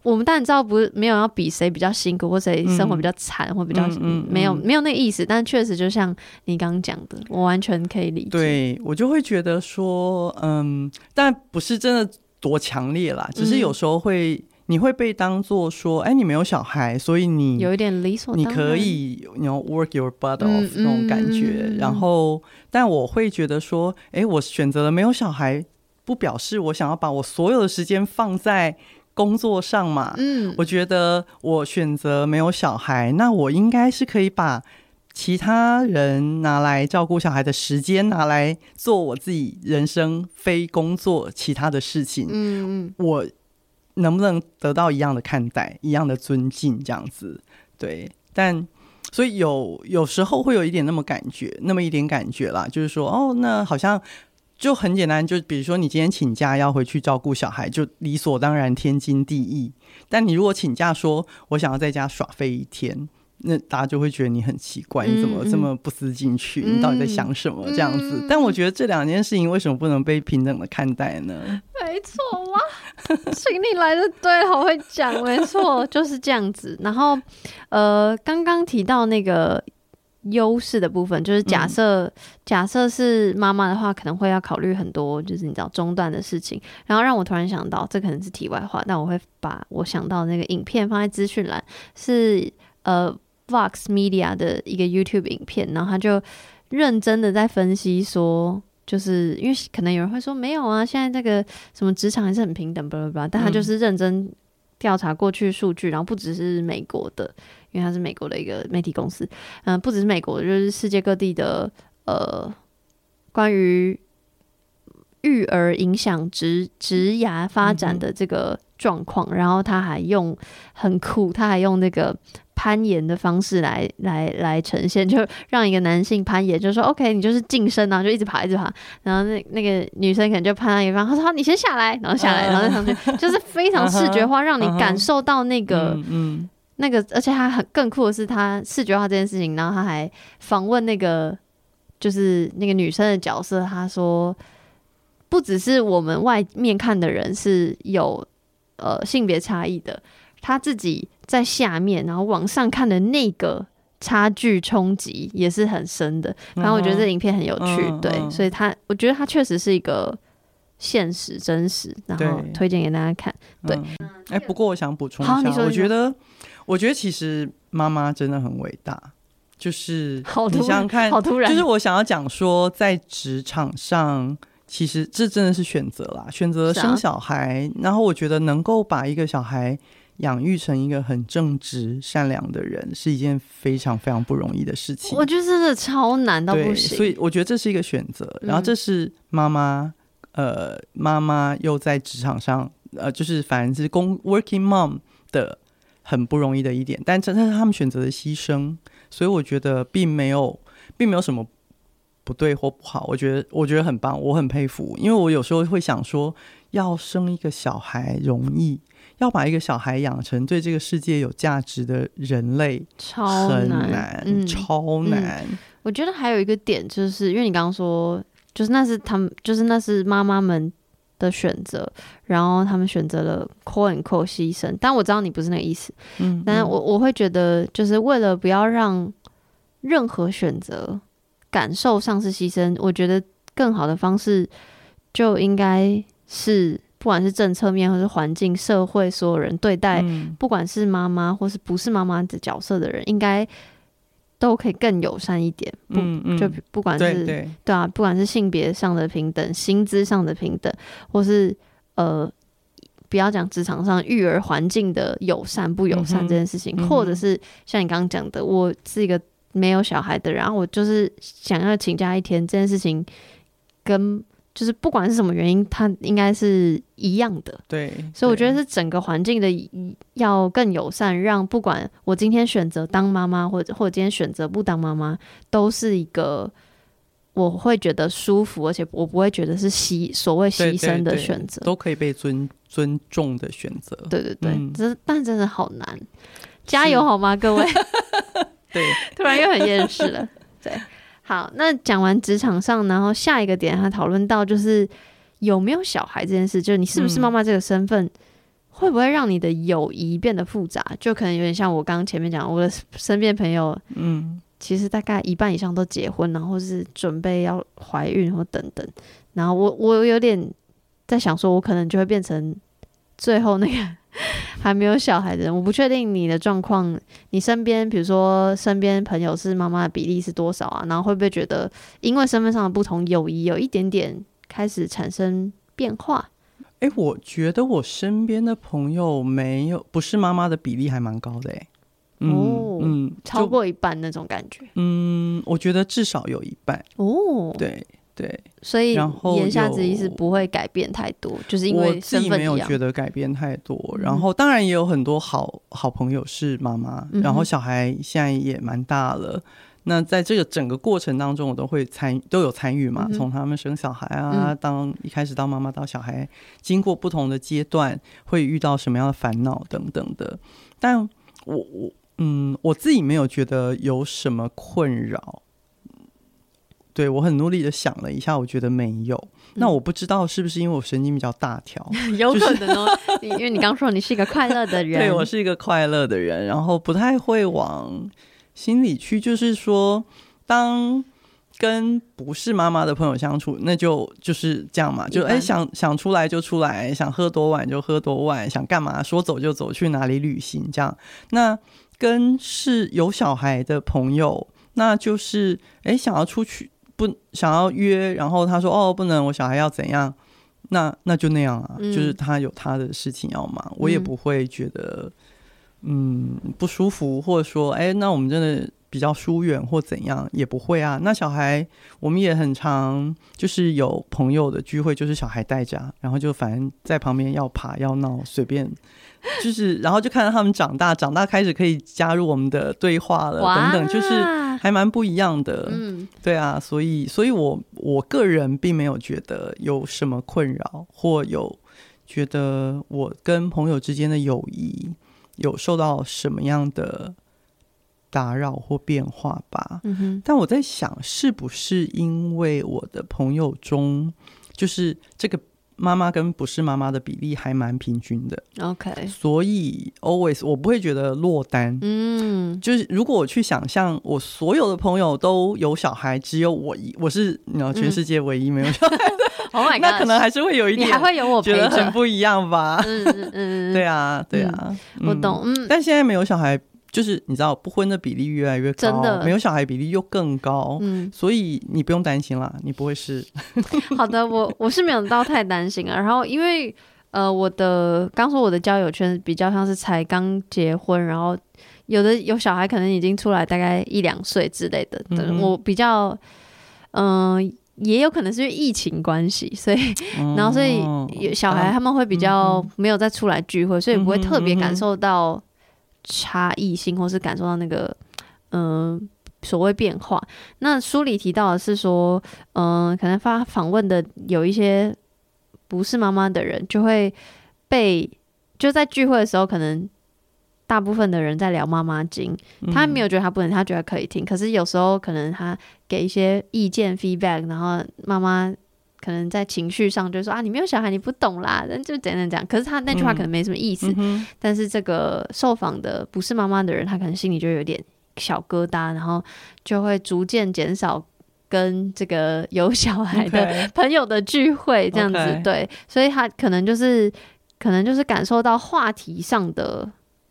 A: 我們當然知道不是，不沒有要比誰比較辛苦或誰生活比較慘、嗯、或比較、嗯嗯嗯、沒有沒有那個意思，但確實就像你剛剛講的，我完全可以理解。
B: 對我就會覺得說，嗯，但不是真的多強烈啦，只、就是有時候會。嗯你會被當做說，哎，你沒有小孩，所以你有一
A: 點理所，你可以
B: you know, work your butt off、嗯、那種感覺。嗯、然後，但我會覺得說，哎，我選擇了沒有小孩，不表示我想要把我所有的時間放在工作上嘛。嗯，我覺得我選擇沒有小孩，那我應該是可以把其他人拿來照顧小孩的時間，拿來做我自己人生非工作其他的事情。嗯，我、嗯。能不能得到一樣的看待，一樣的尊敬，這樣子，對。但所以有有時候會有一點那麼感覺，那麼一點感覺啦，就是說，哦，那好像就很簡單，就比如說你今天請假要回去照顧小孩，就理所當然，天經地義。但你如果請假說，我想要在家耍廢一天。那大家就會覺得你很奇怪，你怎麼這麼不思進取？嗯、你到底在想什麼？這樣子，嗯嗯、但我覺得這兩件事情為什麼不能被平等的看待呢？
A: 沒錯啊，請你 來的對，好會講， 沒錯就是這樣子。然後，呃，剛剛提到那個優勢的部分，就是假設、嗯、假設是媽媽的話，可能會要考慮很多，就是你知道中斷的事情。然後讓我突然想到，這可能是題外話，但我會把我想到的那個影片放在資訊欄，是呃。Vox Media 的一個 YouTube 影片，然後他就認真的在分析說，就是因為可能有人會說沒有啊，現在這個什麼職場還是很平等，巴拉巴拉，但他就是認真調查過去數據，然後不只是美國的，因為他是美國的一個媒體公司，嗯、呃，不只是美國，就是世界各地的呃，關於育兒影響職、職涯發展的這個狀況，嗯、哼然後他還用很酷，他還用那個。攀岩的方式來來來呈現，就讓一個男性攀岩，就說 OK，你就是晉升，然後，就一直爬一直爬。然後那那個女生可能就攀上一半，他說你先下來，然後下來，uh huh. 然後上去，就是非常視覺化，uh huh. uh huh. 讓你感受到那個、uh huh. 那個，而且他很更酷的是，他視覺化這件事情，然後他還訪問那個就是那個女生的角色，他說不只是我們外面看的人是有呃性別差異的。他自己在下面，然後往上看的那個差距衝擊也是很深的。反正我覺得這影片很有趣，嗯、對，嗯、所以他我覺得他確實是一個現實、嗯、真實，然後推薦給大家看。對，哎、
B: 嗯欸，不過我想補充一下，啊、一下我覺得，我覺得其實媽媽真的很偉大，就是你想想看，好突然，就是我想要講說，在職場上，其實這真的是選擇啦，選擇生小孩，啊、然後我覺得能夠把一個小孩。養育成一個很正直、善良的人是一件非常非常不容易的事情，我
A: 覺得真的超難到不行。所以，我覺得這
B: 是一個選擇。然後，這是媽媽，嗯、呃，媽媽又在職場上，呃，就是反正是工 working mom 的很不容易的一點。但這這是他們選擇的犧牲，所以我覺得並沒有，並沒有什麼不對或不好。我覺得我覺得很棒，我很佩服。因為我有時候會想說，要生一個小孩容易。要把一個小孩養成對這個世界有價值的人類，超難，難嗯、超難、嗯。
A: 我覺得還有一個點，就是因為你剛剛說，就是那是他們，就是那是媽媽們的選擇，然後他們選擇了 quote and quote 犧牲。但我知道你不是那個意思，嗯，但我我會覺得，就是為了不要讓任何選擇感受上是犧牲，我覺得更好的方式就應該是。不管是政策面，或是環境、社會，所有人對待，嗯、不管是媽媽或是不是媽媽的角色的人，應該都可以更友善一點。不、嗯嗯、就不管是對，對，對啊，不管是性別上的平等、薪資上的平等，或是呃，不要講職場上育兒環境的友善不友善這件事情，嗯嗯、或者是像你剛剛講的，我是一個沒有小孩的人，然後我就是想要請假一天這件事情，跟。就是不管是什麼原因，它應該是一樣的。對，對，所以我覺得是整個環境的要更友善，讓不管我今天選擇當媽媽，或者或者今天選擇不當媽媽，都是一個我會覺得舒服，而且我不會覺得是犧所謂犧牲的選
B: 擇，都可以被尊尊重的選擇。對對對，嗯、
A: 這但真的好難，加油好嗎，是各位？ 對，突然又很厭世了。對。好，那講完職場上，然後下一個點，他討論到就是有沒有小孩這件事，就是你是不是媽媽這個身份，會不會讓你的友誼變得複雜？就可能有點像我剛剛前面講，我的身邊朋友，嗯，其實大概一半以上都結婚，然後是準備要懷孕或等等，然後我我有點在想說，我可能就會變成。最後那個還沒有小孩的人，我不確定你的狀況，你身邊比如說身邊朋友是媽媽的比例是多少啊？然後會不會覺得因為身份上的不同友，友誼有一點點開始產生變化？哎、欸，我
B: 覺得我身邊的朋友沒有不是媽媽的比例還蠻高的哎，哦，嗯，哦、嗯
A: 超過一半就那種感覺，嗯，
B: 我覺得至少有一半哦，對。對，
A: 所以然後言下之意是不會改變太多，就是因為我自己沒有覺
B: 得改變太多，然後當然也有很多好好朋友是媽媽，然後小孩現在也蠻大了。那在這個整個過程當中，我都會參都有參與嘛，從他們生小孩啊，當一開始當媽媽，到小孩，經過不同的階段，會遇到什麼樣的煩惱等等的。但我我嗯，我自己沒有覺得有什麼困擾。對，我很努力的想了一下，我覺得沒有。嗯、那我不知道是不是因為我神經比較大條，
A: 有可能哦。因為你剛說你是一個快樂的人， 對我是
B: 一個快樂的人，嗯、然後不太會往心裡去。就是說，當跟不是媽媽的朋友相處，那就就是這樣嘛。就哎般、欸，想想出來就出來，想喝多晚就喝多晚，想幹嘛說走就走，去哪裡旅行這樣。那跟是有小孩的朋友，那就是哎、欸，想要出去。不想要約，然後他說哦不能，我小孩要怎樣，那那就那樣啊，嗯、就是他有他的事情要忙，我也不會覺得嗯不舒服，或者說哎，那我們真的比較疏遠或怎樣也不會啊。那小孩我們也很常就是有朋友的聚會，就是小孩帶着、啊，然後就反正在旁邊要爬要鬧隨便。 就是，然後就看到他們長大，長大開始可以加入我們的對話了，嗯、等等，就是還蠻不一樣的。對啊，所以，所以我我個人並沒有覺得有什麼困擾，或有覺得我跟朋友之間的友誼有受到什麼樣的打擾或變化吧。嗯哼。但我在想，是不是因為我的朋友中，就是這個。媽媽跟不是媽媽的比例還蠻平均的，OK。所以 always 我不會覺得落單，嗯，就是如果我去想象我所有的朋友都有小孩，只有我一我是 you know,、嗯、全世界唯一沒有
A: 小孩 Oh my gosh, 那可能還是會有一點覺得一，你還會有我陪着，很不
B: 一樣吧？嗯嗯對啊對啊，我懂。嗯，但現在沒有小孩。就是你知道不婚的比例越來越高，真的沒有小孩比例又更高，嗯，所以你不用擔心啦，你不會是。
A: 好的，我我是沒有到太擔心啊。然後因為呃，我的剛說我的交友圈比較像是才剛結婚，然後有的有小孩可能已經出來大概一兩歲之類的，嗯、我比較嗯、呃，也有可能是因為疫情關係，所以、嗯、然後所以小孩他們會比較沒有再出來聚會，嗯嗯、所以不會特別感受到差異性，或是感受到那個，嗯、呃，所謂變化。那書裡提到的是說，嗯、呃，可能發訪問的有一些不是媽媽的人，就會被，就在聚會的時候，可能大部分的人在聊媽媽經，嗯、他沒有覺得他不能，他覺得可以聽。可是有時候可能他給一些意見 feedback，然後媽媽。可能在情緒上就說啊，你沒有小孩，你不懂啦，就怎樣怎樣，可是他那句話可能沒什麼意思。嗯嗯、但是這個受訪的不是媽媽的人，他可能心裡就有點小疙瘩，然後就會逐漸減少跟這個有小孩的朋友的聚會這樣子。Okay. 對，所以他可能就是可能就是感受到話題上的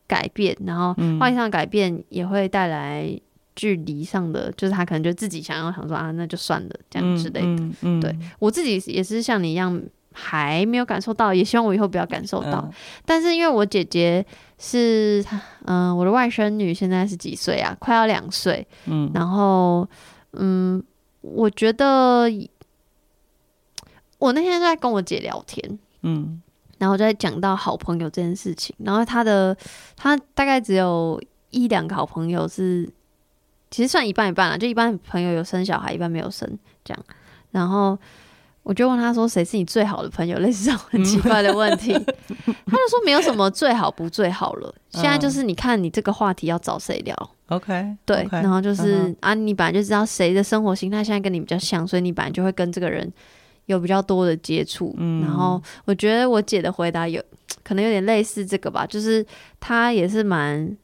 A: 改變，然後話題上的改變也會帶來。距離上的，就是他可能就自己想要想說啊，那就算了這樣子之類的。嗯嗯嗯、對我自己也是像你一樣，還沒有感受到，也希望我以後不要感受到。呃、但是因為我姐姐是嗯、呃，我的外甥女現在是幾歲啊？快要兩歲。嗯，然後嗯，我覺得我那天在跟我姐聊天，嗯，然後在講到好朋友這件事情，然後她的她大概只有一兩個好朋友是。其實算一半一半了，就一半朋友有生小孩，一半沒有生這樣。然後我就問他說：“誰是你最好的朋友？”類似這種很奇怪的問題，嗯、 他就說：“沒有什麼最好不最好了，嗯、現在就是你看你這個話題要找誰聊。” OK，, okay 對，然後就是、嗯、哼啊，你本來就知道誰的生活形態現在跟你比較像，所以你本來就會跟這個人有比較多的接觸。嗯、然後我覺得我姐的回答有可能有點類似這個吧，就是她也是蠻。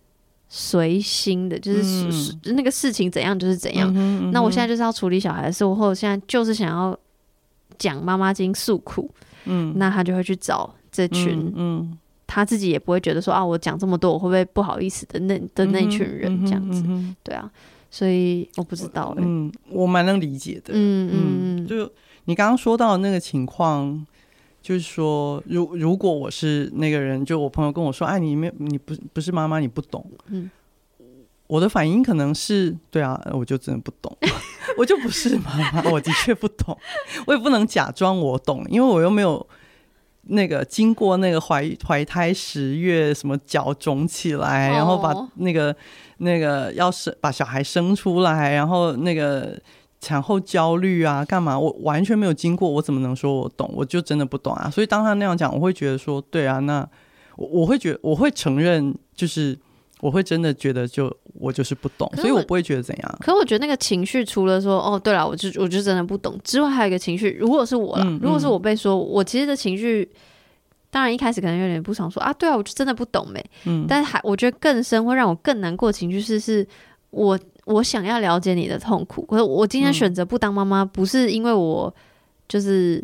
A: 隨心的，就是是、嗯、那個事情怎樣就是怎樣。嗯哼嗯哼，那我現在就是要處理小孩的事，或者現在就是想要講媽媽經訴苦。嗯，那他就會去找這群，嗯，嗯他自己也不會覺得說啊，我講這麼多，我會不會不好意思的那？那的那群人這樣子，嗯哼嗯哼，對啊，所以我不知道、欸、
B: 嗯，我蠻能理解的。嗯嗯嗯，嗯就你剛剛說到的那個情況。就是說，如如果我是那個人，就我朋友跟我說：“哎，你沒你不你不是媽媽，你不懂。”
A: 嗯，
B: 我的反應可能是對啊，我就真的不懂， 我就不是媽媽，我的確不懂，我也不能假裝我懂，因為我又沒有那個經過那個懷懷胎十月，什麼腳腫起來，哦、然後把那個那個要生把小孩生出來，然後那個。產後焦慮啊，幹嘛？我完全沒有經過，我怎麼能說我懂？我就真的不懂啊！所以當他那樣講，我會覺得說，對啊，那我我會覺得我會承認，就是我會真的覺得就我就是不懂，所以我不會覺得怎樣。
A: 可我覺得那個情緒，除了說哦對了，我就我就真的不懂之外，還有一個情緒，如果是我了，嗯、如果是我被說，我其實的情緒，當然一開始可能有點不想說啊，對啊，我就真的不懂沒、欸。嗯，但是還我覺得更深會讓我更難過的情緒是，是我。我想要了解你的痛苦。可是我今天選擇不當媽媽，嗯、不是因為我就是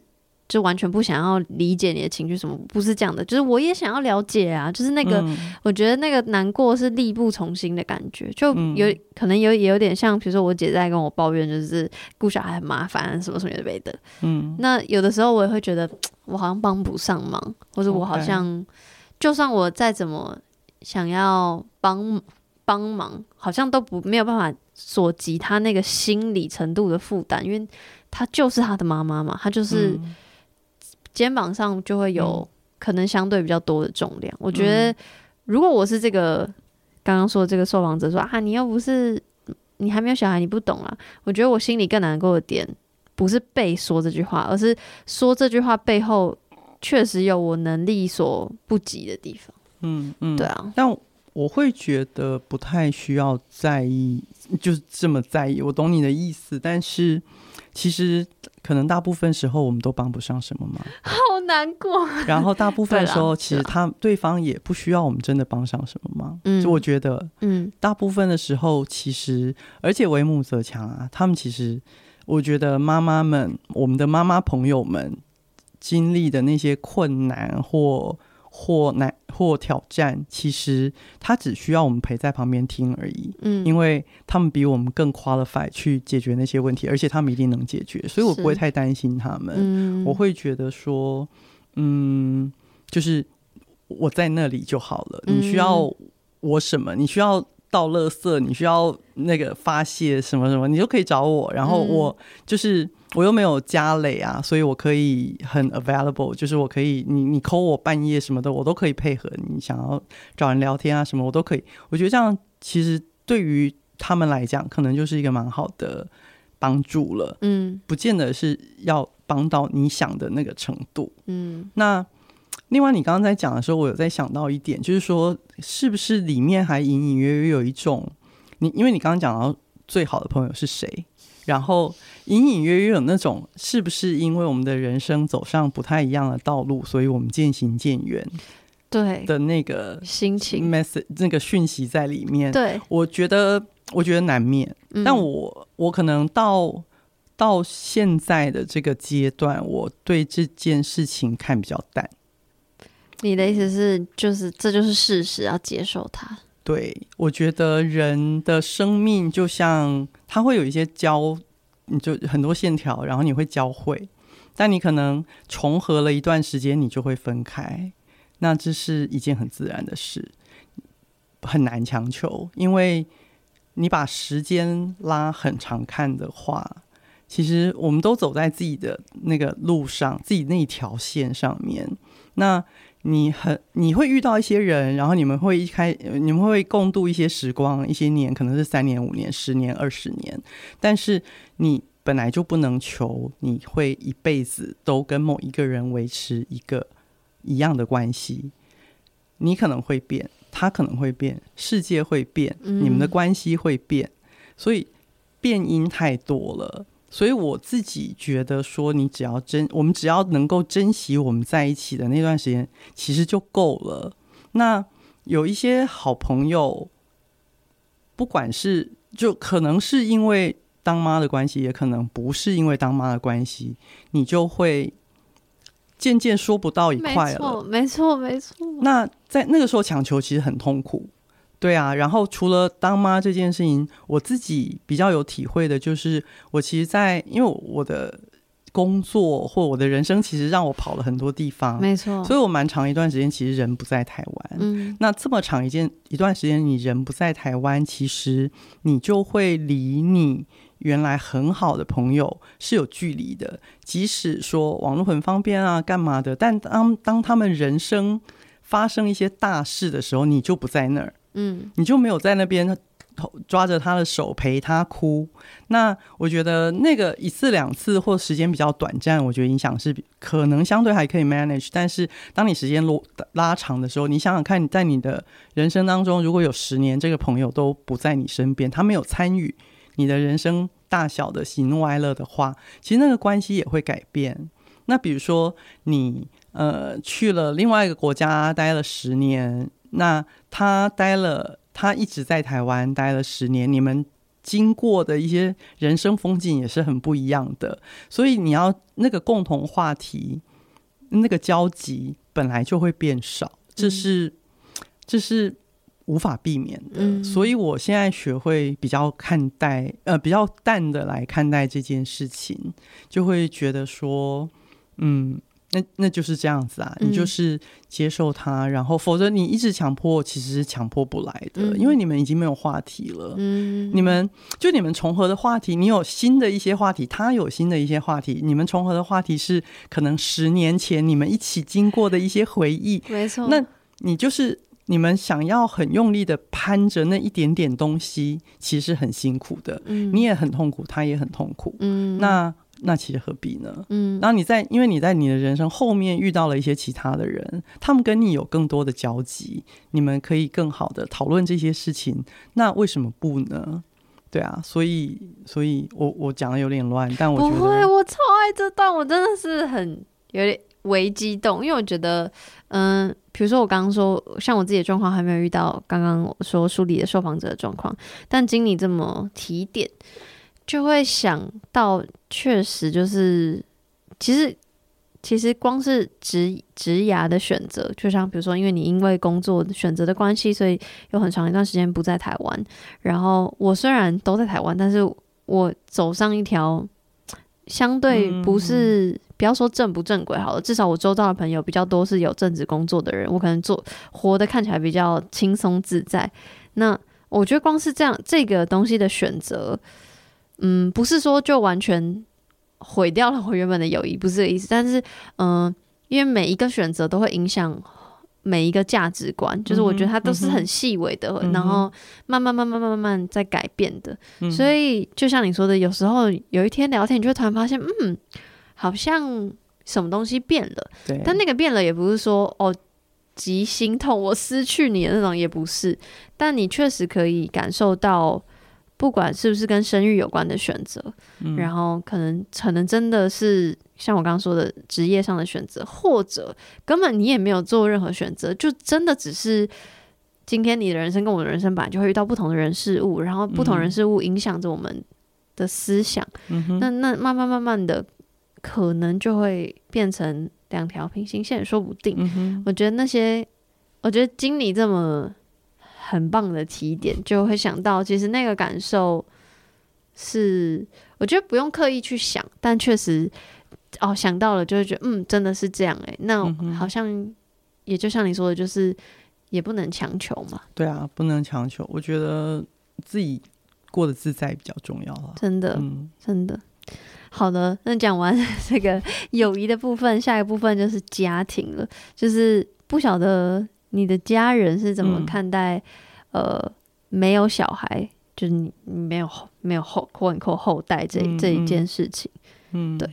A: 就完全不想要理解你的情緒，什麼，不是這樣的。就是我也想要了解啊。就是那個，嗯、我覺得那個難過是力不從心的感覺，就有、嗯、可能有也有點像，比如說我姐在跟我抱怨，就是顧小孩很麻煩，什麼什麼之類的。嗯，那有的時候我也會覺得，我好像幫不上忙，或者我好像 Okay. 就算我再怎麼想要幫。幫忙好像都不沒有辦法所及，他那個心理程度的負擔，因為他就是他的媽媽嘛，他就是肩膀上就會有可能相對比較多的重量。嗯、我覺得，如果我是這個剛剛說的這個受訪者說啊，你又不是，你還沒有小孩，你不懂啊。我覺得我心裡更難過的點，不是被說這句話，而是說這句話背後確實有我能力所不及的地方。嗯
B: 嗯，嗯對啊，我會覺得不太需要在意，就是這麼在意。我懂你的意思，但是其實可能大部分時候我們都幫不上什麼忙，
A: 好難過。然後大
B: 部分時候， 啊啊、其實他對方也不需要我們真的幫上什麼忙。嗯，就我覺得，嗯，大部分的時候其實，而且為母則強啊，他們其實我覺得媽媽們，我們的媽媽朋友們經歷的那些困難或或難或挑戰，其實他只需要我們陪在旁邊聽而已。嗯，因為他們比我們更 qualify 去解決那些問題，而且他們一定能解決，所以我不會太擔心他們。嗯、我會覺得說，嗯，就是我在那裡就好了。嗯、你需要我什麼？你需要倒垃圾？你需要那個發洩什麼什麼？你都可以找我。然後我就是。嗯我又沒有家累啊，所以我可以很 available，就是我可以，你你 call 我半夜什麼的，我都可以配合。你想要找人聊天啊什麼，我都可以。我覺得這樣其實對於他們來講，可能就是一個蠻好的幫助了。嗯，不見得是要幫到你想的那個程度。嗯，那另外你剛剛在講的時候，我有在想到一點，就是說是不是裡面還隱隱約約有一種你，因為你剛剛講到最好的朋友是誰，然後。隱隱約約有那種，是不是因為我們的人生走上不太一樣的道路，所以我們漸行漸遠？對的那個心情、message 那個訊息在裡面。對，我覺得，我覺得難免。但我我可能到到現在的這個階段，我對這件事情看比較淡。
A: 你的意思是，就是這就是事實，要接受它？
B: 對，我覺得人的生命就像，他會有一些交。你就很多線條，然後你會交匯，但你可能重合了一段時間，你就會分開。那這是一件很自然的事，很難強求。因為你把時間拉很長看的話，其實我們都走在自己的那個路上，自己那一條線上面。那你很，你會遇到一些人，然後你們會一開，你們會共度一些時光，一些年，可能是三年、五年、十年、二十年。但是你本來就不能求你會一輩子都跟某一個人維持一個一樣的關係，你可能會變，他可能會變，世界會變，你們的關係會變，所以變因太多了。所以我自己覺得說，你只要珍，我們只要能夠珍惜我們在一起的那段時間，其實就夠了。那有一些好朋友，不管是，就可能是因為當媽的關係，也可能不是因為當媽的關係，你就會漸漸說不到一塊了。沒錯，
A: 沒錯，沒錯。
B: 那在那個時候強求其實很痛苦。對啊，然後除了當媽這件事情，我自己比較有體會的就是，我其實在，在因為我的工作或我的人生，其實讓我跑了很多地方，沒錯。所以我蠻長一段時間其實人不在台灣。嗯。那這麼長一件一段時間，你人不在台灣，其實你就會離你原來很好的朋友是有距離的。即使說網絡很方便啊，幹嘛的，但當當他們人生發生一些大事的時候，你就不在那兒。嗯，你就沒有在那邊抓着他的手陪他哭？那我覺得那個一次兩次或時間比較短暫，我覺得影響是可能相對還可以 manage。但是當你時間拉拉長的時候，你想想看，你在你的人生當中，如果有十年這個朋友都不在你身邊，他沒有參與你的人生大小的喜怒哀樂的話，其實那個關係也會改變。那比如說你呃去了另外一個國家待了十年，那。他待了，他一直在台灣待了十年。你們經過的一些人生風景也是很不一樣的，所以你要那個共同話題，那個交集本來就會變少，這是這是無法避免的。所以我現在學會比較看待，呃，比較淡的來看待這件事情，就會覺得說，嗯。那那就是這樣子啊，你就是接受他，嗯、然後否則你一直強迫，其實是強迫不來的，嗯、因為你們已經沒有話題了。嗯，你們就你們重合的話題，你有新的一些話題，他有新的一些話題，你們重合的話題是可能十年前你們一起經過的一些回憶。
A: 沒錯，那
B: 你就是你們想要很用力地攀着那一點點東西，其實很辛苦的。嗯、你也很痛苦，他也很痛苦。嗯，那。那其實何必呢？嗯，然後你在，因為你在你的人生後面遇到了一些其他的人，他們跟你有更多的交集，你們可以更好的討論這些事情，那為什麼不呢？對啊，所以，所以我我講的有點亂，但我覺得不會，我
A: 超愛這段，我真的是很有點微激動，因為我覺得，嗯，比如說我剛剛說，像我自己的狀況還沒有遇到，剛剛我說書裡的受訪者的狀況，但經你這麼提點。就會想到，確實就是其實其實光是職職涯的選擇，就像比如說，因為你因為工作選擇的關係，所以有很長一段時間不在台灣。然後我雖然都在台灣，但是我走上一條相對不是、嗯、不要說正不正規好了，至少我周遭的朋友比較多是有正職工作的人，我可能做活得看起來比較輕鬆自在。那我覺得光是這樣這個東西的選擇。嗯，不是說就完全毀掉了我原本的友誼，不是這意思。但是，嗯、呃，因為每一個選擇都會影響每一個價值觀，嗯、哼就是我覺得它都是很細微的，嗯、哼然後慢慢、慢慢、慢慢在改變的。嗯、哼所以，就像你說的，有時候有一天聊天，你就會突然發現，嗯，好像什麼東西變了。對。但那個變了，也不是說哦，極心痛，我失去你的那種，也不是。但你確實可以感受到。不管是不是跟生育有關的選擇，嗯、然後可能可能真的是像我剛剛說的職業上的選擇，或者根本你也沒有做任何選擇，就真的只是今天你的人生跟我的人生本來，就會遇到不同的人事物，然後不同人事物影響着我們的思想，嗯、哼那那慢慢慢慢的可能就會變成兩條平行線，說不定。嗯、哼我覺得那些，我覺得經歷這麼。很棒的提點，就會想到其實那個感受是，我覺得不用刻意去想，但確實，哦，想到了就會覺得，嗯，真的是這樣哎、欸，那、嗯、哼，好像也就像你說的，就是也不能強求嘛。
B: 對啊，不能強求，我覺得自己過得自在比較重要啊，真的，嗯、
A: 真的。好的，那講完這個友誼的部分，下一部分就是家庭了，就是不曉得。你的家人是怎麼看待，嗯、呃，沒有小孩，就是你沒有沒有後或你後代這一、嗯、這一件事情，嗯，對，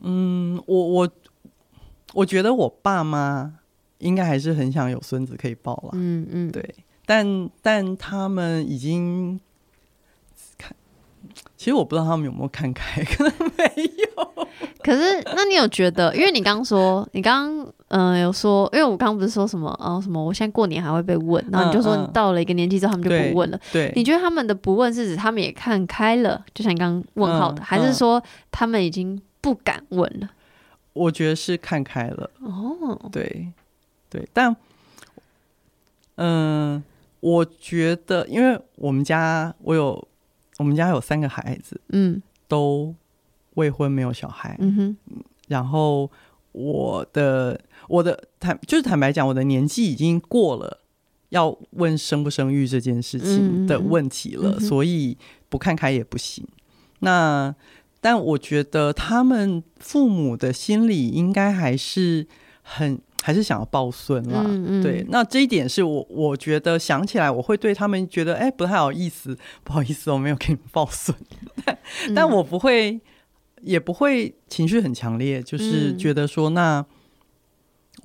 A: 嗯，
B: 我我我覺得我爸媽應該還是很想有孫子可以抱啦、嗯，嗯嗯，對，但但他們已經。其實我不知道他們有沒有看開，可能沒
A: 有。可是，那你有覺得？因為你剛說，你剛嗯、呃、有說，因為我剛不是說什麼嗯、哦、什麼，我現在過年還會被問，然後你就說你到了一個年紀之後，他們就不問了。嗯嗯、對，你覺得他們的不問是指他們也看開了，就像你剛問好的，嗯嗯、還是說他們已經不敢問了？
B: 我覺得是看開了。哦，對對，但嗯，我覺得因為我們家我有。我們家有三個孩子，嗯，都未婚沒有小孩，嗯哼，然後我的我的坦就是坦白講，我的年紀已經過了要問生不生育這件事情的問題了，嗯哼，所以不看開也不行。嗯哼，那但我覺得他們父母的心理應該還是很。還是想要抱孫啦，嗯嗯、對，那這一點是我我覺得想起來，我會對他們覺得哎、欸、不太好意思，不好意思、喔，我沒有給你們抱孫，但我不會也不會情緒很強烈，就是覺得說那、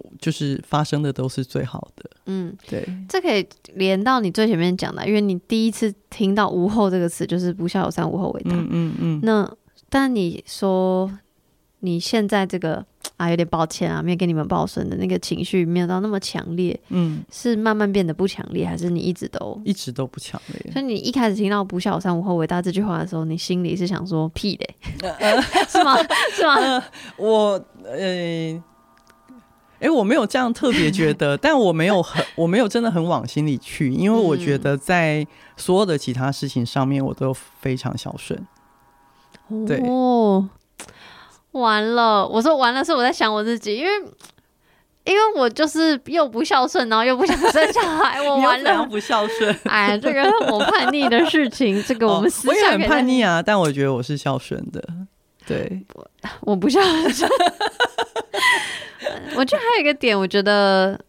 B: 嗯、就是發生的都是最好的，嗯，對，
A: 這可以連到你最前面講的，因為你第一次聽到“無後”這個詞，就是不孝有三，無後為大，嗯嗯，嗯嗯，那但你說你現在這個。啊，有點抱歉啊，沒有給你們抱孫的那個情緒沒有到那麼強烈。嗯，是慢慢變得不強烈，還是你一直都一
B: 直都不強
A: 烈？所以你一開始聽到不小“不孝三無後為大”回答這句話的時候，你心裡是想說屁的“屁嘞、呃”，
B: 是嗎？是嗎？呃、我呃呃，呃，我沒有這樣特別覺得， 但我沒有很，我沒有真的很往心裡去，因為我覺得在所有的其他事情上面，我都非常孝順。
A: 嗯、對哦。對。完了，我說完了是我在想我自己，因為因為我就是又不孝順，然後又不想生小孩，我完了又不孝順。哎，這個我叛逆的事情，這個我們私下、哦。我也很叛逆
B: 啊，但我覺得我是孝順的。對，
A: 我，我不孝順。 我覺得還有一個點，我覺得，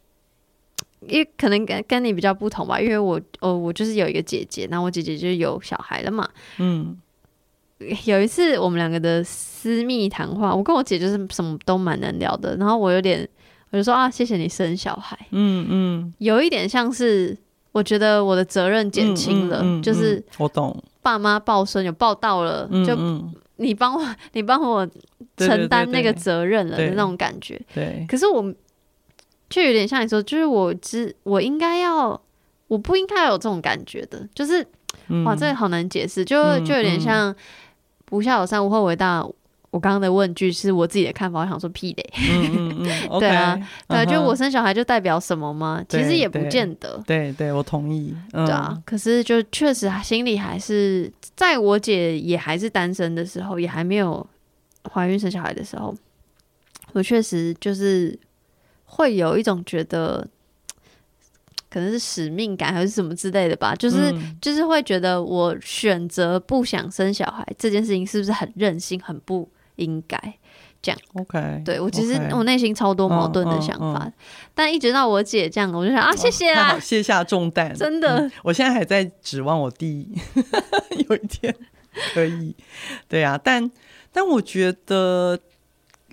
A: 因為可能跟跟你比較不同吧，因為我哦，我就是有一個姐姐，那我姐姐就是有小孩的嘛，嗯。有一次我們兩個的私密談話，我跟我姐就是什麼都蠻難聊的。然後我有點，我就說啊，謝謝你生小孩，嗯嗯，嗯有一點像是我覺得我的責任減輕了，嗯嗯嗯、就是我懂爸媽抱孫有抱到了，嗯嗯、就你幫我、嗯嗯、你幫我，你幫我承擔那個責任了的那種感覺。對，對，對，對，對對對，可是我就有點像你說，就是我知我應該要，我不應該有這種感覺的，就是、嗯、哇，這個好難解釋，就就有點像。.不孝、有三無後、為大，我剛剛的問句是我自己的看法，我想說屁嘞，對啊，對、uh，啊、huh,，就我生小孩就代表什麼嗎？對其實也不見得。
B: 對，對，對我同意，嗯、對啊。
A: 可是就確實心裡還是在我姐也還是單身的時候，也還沒有懷孕生小孩的時候，我確實就是會有一種覺得。可能是使命感還是什麼之類的吧，就是、嗯、就是會覺得我選擇不想生小孩這件事情是不是很任性、很不應該這樣？OK，對，我其實 okay, 我內心超多矛盾的想法，嗯嗯嗯、但一直到我姐這樣，我就想哇啊，謝謝啊，卸下重擔，真的、嗯，我現在還在指
B: 望我弟 有一天可以， 對啊，但但我覺得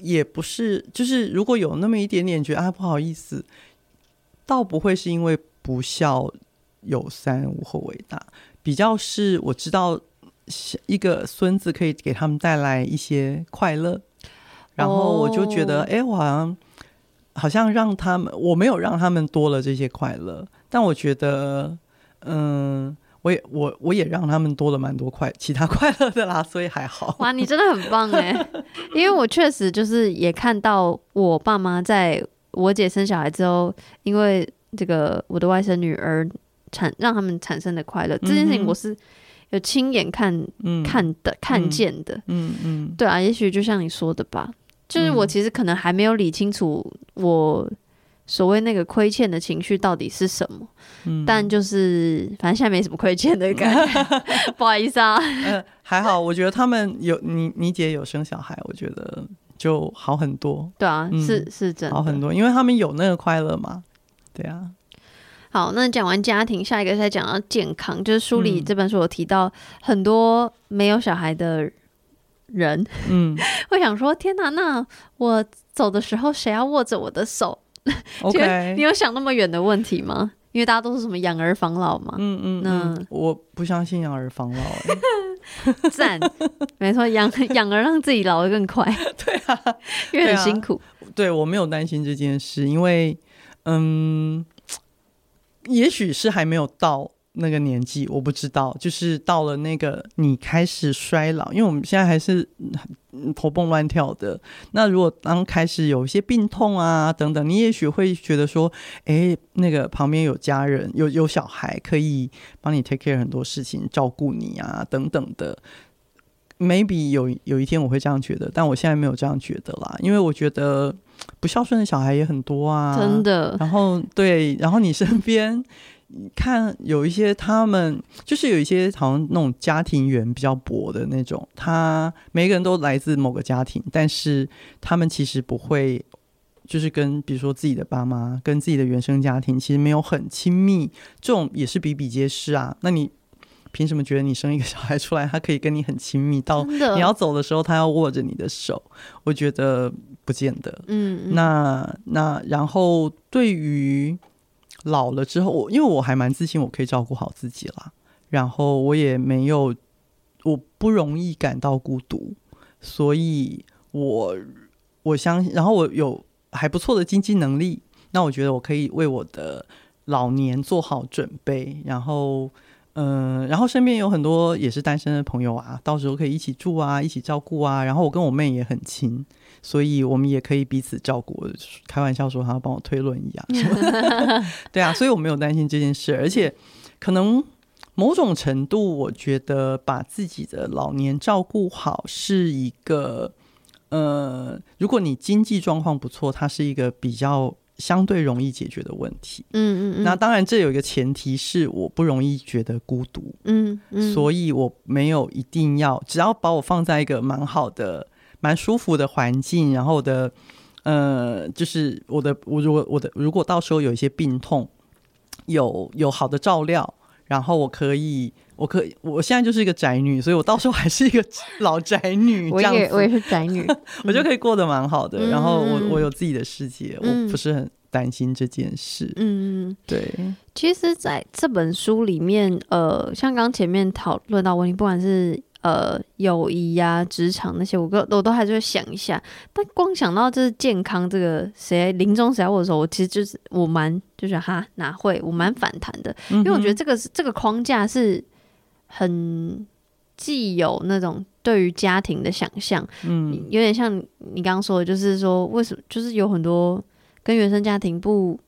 B: 也不是，就是如果有那麼一點點覺得啊，不好意思，倒不會是因為。不孝有三，無後為大。比較是我知道，一個孫子可以給他們帶來一些快樂，然後我就覺得，哎、哦欸，我好像好像讓他們，我沒有讓他們多了這些快樂，但我覺得，嗯，我也我我也讓他們多了蠻多快其他快樂的啦，所以還好。
A: 哇，你真的很棒哎、欸， 因為我確實就是也看到我爸媽在我姐生小孩之後，因為。這個我的外甥女兒產讓他們產生的快樂，這件事情我是有親眼看、嗯、看的、嗯、看見的。嗯嗯，嗯對啊，也許就像你說的吧，嗯、就是我其實可能還沒有理清楚我所謂那個虧欠的情緒到底是什麼。嗯、但就是反正現在沒什麼虧欠的感覺，嗯、 不好意思啊、呃。
B: 還好，我覺得他們有你你姐有生小孩，我覺得就好很多。對啊，嗯、是是真的好很多，因為他們有那個快樂嘛。對
A: 啊，好，那講完家庭，下一個再講到健康，就是書裡這本書我提到很多沒有小孩的人，嗯， 會想說天哪，那我走的時候誰要握着我的手？OK，你有想那麼遠的問題嗎？因為大家都是什麼養兒防老嘛，嗯嗯，那嗯嗯我不相信養兒防老，贊， 沒錯，養養兒讓自己老得更快 對啊，對啊，因為很辛
B: 苦，對啊，對啊，對我沒有擔心這件事，因為。嗯，也許是還沒有到那個年紀，我不知道。就是到了那個你開始衰老，因為我們現在還是活蹦亂跳的。那如果剛開始有一些病痛啊等等，你也許會覺得說，哎、欸，那個旁邊有家人，有有小孩可以幫你 take care 很多事情，照顧你啊等等的。maybe 有有一天我會這樣覺得，但我現在沒有這樣覺得啦，因為我覺得不孝順的小孩也很多啊，真的。然後對，然後你身邊看有一些他們，就是有一些好像那種家庭緣比較薄的那種，他每個人都來自某個家庭，但是他們其實不會就是跟比如說自己的爸媽、跟自己的原生家庭其實沒有很親密，這種也是比比皆是啊。那你憑什麼覺得你生一個小孩出來，他可以跟你很親密？到你要走的時候，他要握着你的手，真的，我覺得不見得。嗯，那那然後對於老了之後，我因為我還蠻自信，我可以照顧好自己啦。然後我也沒有，我不容易感到孤獨，所以我我相信。然後我有還不錯的經濟能力，那我覺得我可以為我的老年做好準備。然後。嗯、呃，然後身邊有很多也是單身的朋友啊，到時候可以一起住啊，一起照顧啊。然後我跟我妹也很親，所以我們也可以彼此照顧。開玩笑說，她要幫我推輪椅啊。 對啊，所以我沒有擔心這件事。而且，可能某種程度，我覺得把自己的老年照顧好是一個，呃，如果你經濟狀況不錯，它是一個比較。相對容易解決的問題，嗯嗯嗯，那當然這有一個前提是我不容易覺得孤獨，嗯嗯，所以我沒有一定要，只要把我放在一個蠻好的、蠻舒服的環境，然後我的，呃，就是我的我我我的，如果到時候有一些病痛，有有好的照料，然後我可以。我可以，我現在就是一個宅女，所以我到時候還是一個老宅女。 我也這樣子，我也是
A: 宅女，
B: 我就可以過得蠻好的。嗯、然後我我有自己的世界，嗯、我不是很擔心這件事。嗯
A: 嗯，對。其實在這本書裡面，呃，像剛前面討論到問題，不管是呃友誼呀、啊、職場那些，我都我都還是會想一下。但光想到就是健康這個誰臨終誰我的時候，我其實就是我蠻就是哈哪會，我蠻反彈的，嗯、哼因為我覺得這個是這個框架是。很既有那種對於家庭的想象，嗯，有點像你剛剛說的，就是說為什麼就是有很多跟原生家庭不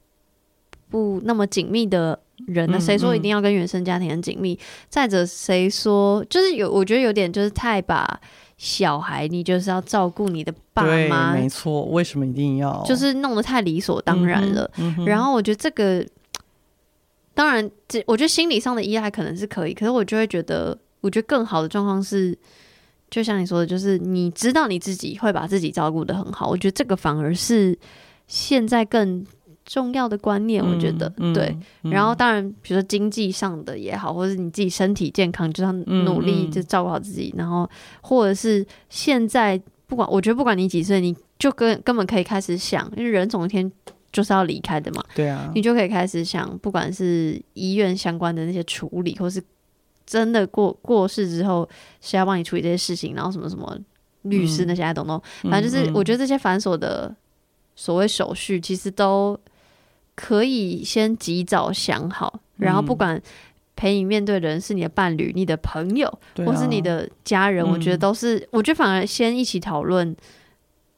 A: 不那麼緊密的人呢、啊？誰、嗯嗯、說一定要跟原生家庭很緊密？再者，誰說就是有？我覺得有點就是太把小孩你就是要照顧你的爸媽，沒
B: 錯，為什麼一定要？就是
A: 弄得太理所當然了。嗯嗯，然後我覺得這個。當然，這我覺得心理上的依賴可能是可以，可是我就會覺得，我覺得更好的狀況是，就像你說的，就是你知道你自己會把自己照顧得很好。我覺得這個反而是現在更重要的觀念。我覺得，嗯嗯、對。然後，當然，比如說經濟上的也好，或者是你自己身體健康，就要努力就照顧好自己。嗯嗯、然後，或者是現在不管，我覺得不管你幾歲，你就根根本可以開始想，因為人總有一天。就是要離開的嘛，對啊，你就可以開始想，不管是醫院相關的那些處理，或是真的過過世之後，誰要幫你處理這些事情，然後什麼什麼律師那些，懂不懂？反正就是，我覺得這些繁瑣的所謂手續，其實都可以先及早想好，嗯、然後不管陪你面對的人是你的伴侶、你的朋友，啊、或是你的家人，嗯、我覺得都是，我覺得反而先一起討論。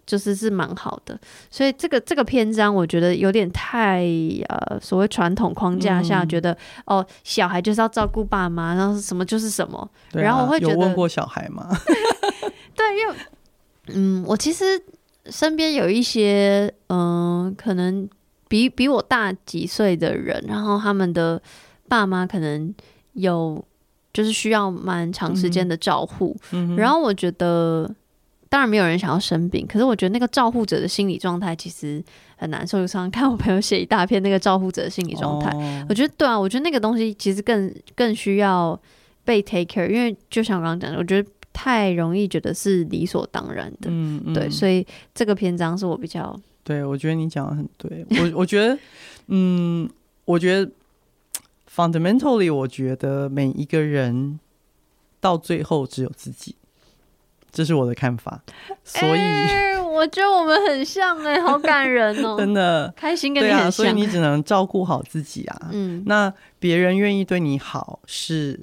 A: 就是是蠻好的，所以這個這個篇章，我覺得有點太呃，所謂傳統框架下，嗯、哼覺得哦，小孩就是要照顧爸媽，然後什麼就是什麼，啊、然後我會覺得有問過小孩嗎？ 對，因為嗯，我其實身邊有一些嗯、呃，可能比比我大幾歲的人，然後他們的爸媽可能有就是需要蠻長時間的照護，嗯、哼然後我覺得。當然沒有人想要生病，可是我覺得那個照護者的心理狀態其實很難受，就像看我朋友寫一大篇那個照護者的心理狀態，哦、我覺得對啊，我覺得那個東西其實更更需要被 take care，因為就像我剛剛講的，我覺得太容易覺得是理所當然的，嗯，
B: 嗯，對，所
A: 以這個篇章是我比較
B: 對，我覺得你講的很對，我我覺得， 嗯，我覺得 fundamentally，我覺得每一個人到最後只有自己。這是我的看法，所以、欸、
A: 我覺得我們很像哎，欸，好感人哦，喔， 真的開心跟你很像。對、啊，所以你只
B: 能照顧好自己啊，嗯。那別人願意對你好是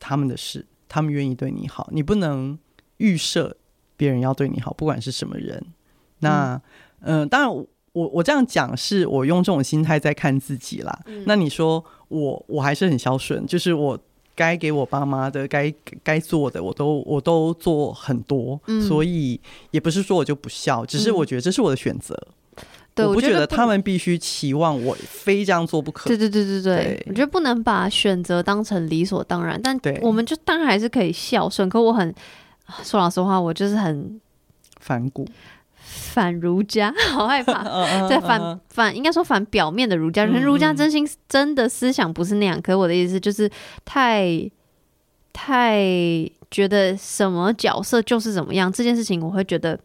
B: 他們的事，他們願意對你好，你不能預設別人要對你好，不管是什麼人。那嗯、呃，當然我我這樣講是我用這種心態在看自己啦。嗯、那你說我我還是很孝順，就是我。該給我爸媽的，該該做的，我都我都做很多，嗯、所以也不是說我就不孝，只是我覺得這是我的選擇、嗯。對，我不覺得他們必須期望我非這樣做不可。對
A: 對對對對，我覺得不，不能把選擇當成理所當然。但我們就當然還是可以孝順。對可我很說老實話，我就是很反骨。反儒家，好害怕。對、 uh, uh, uh, 反反，應該說反表面的儒家，儒、嗯嗯、家真心真的思想不是那樣。可我的意思就是，太太覺得什麼角色就是怎麼樣這件事情，我會覺得，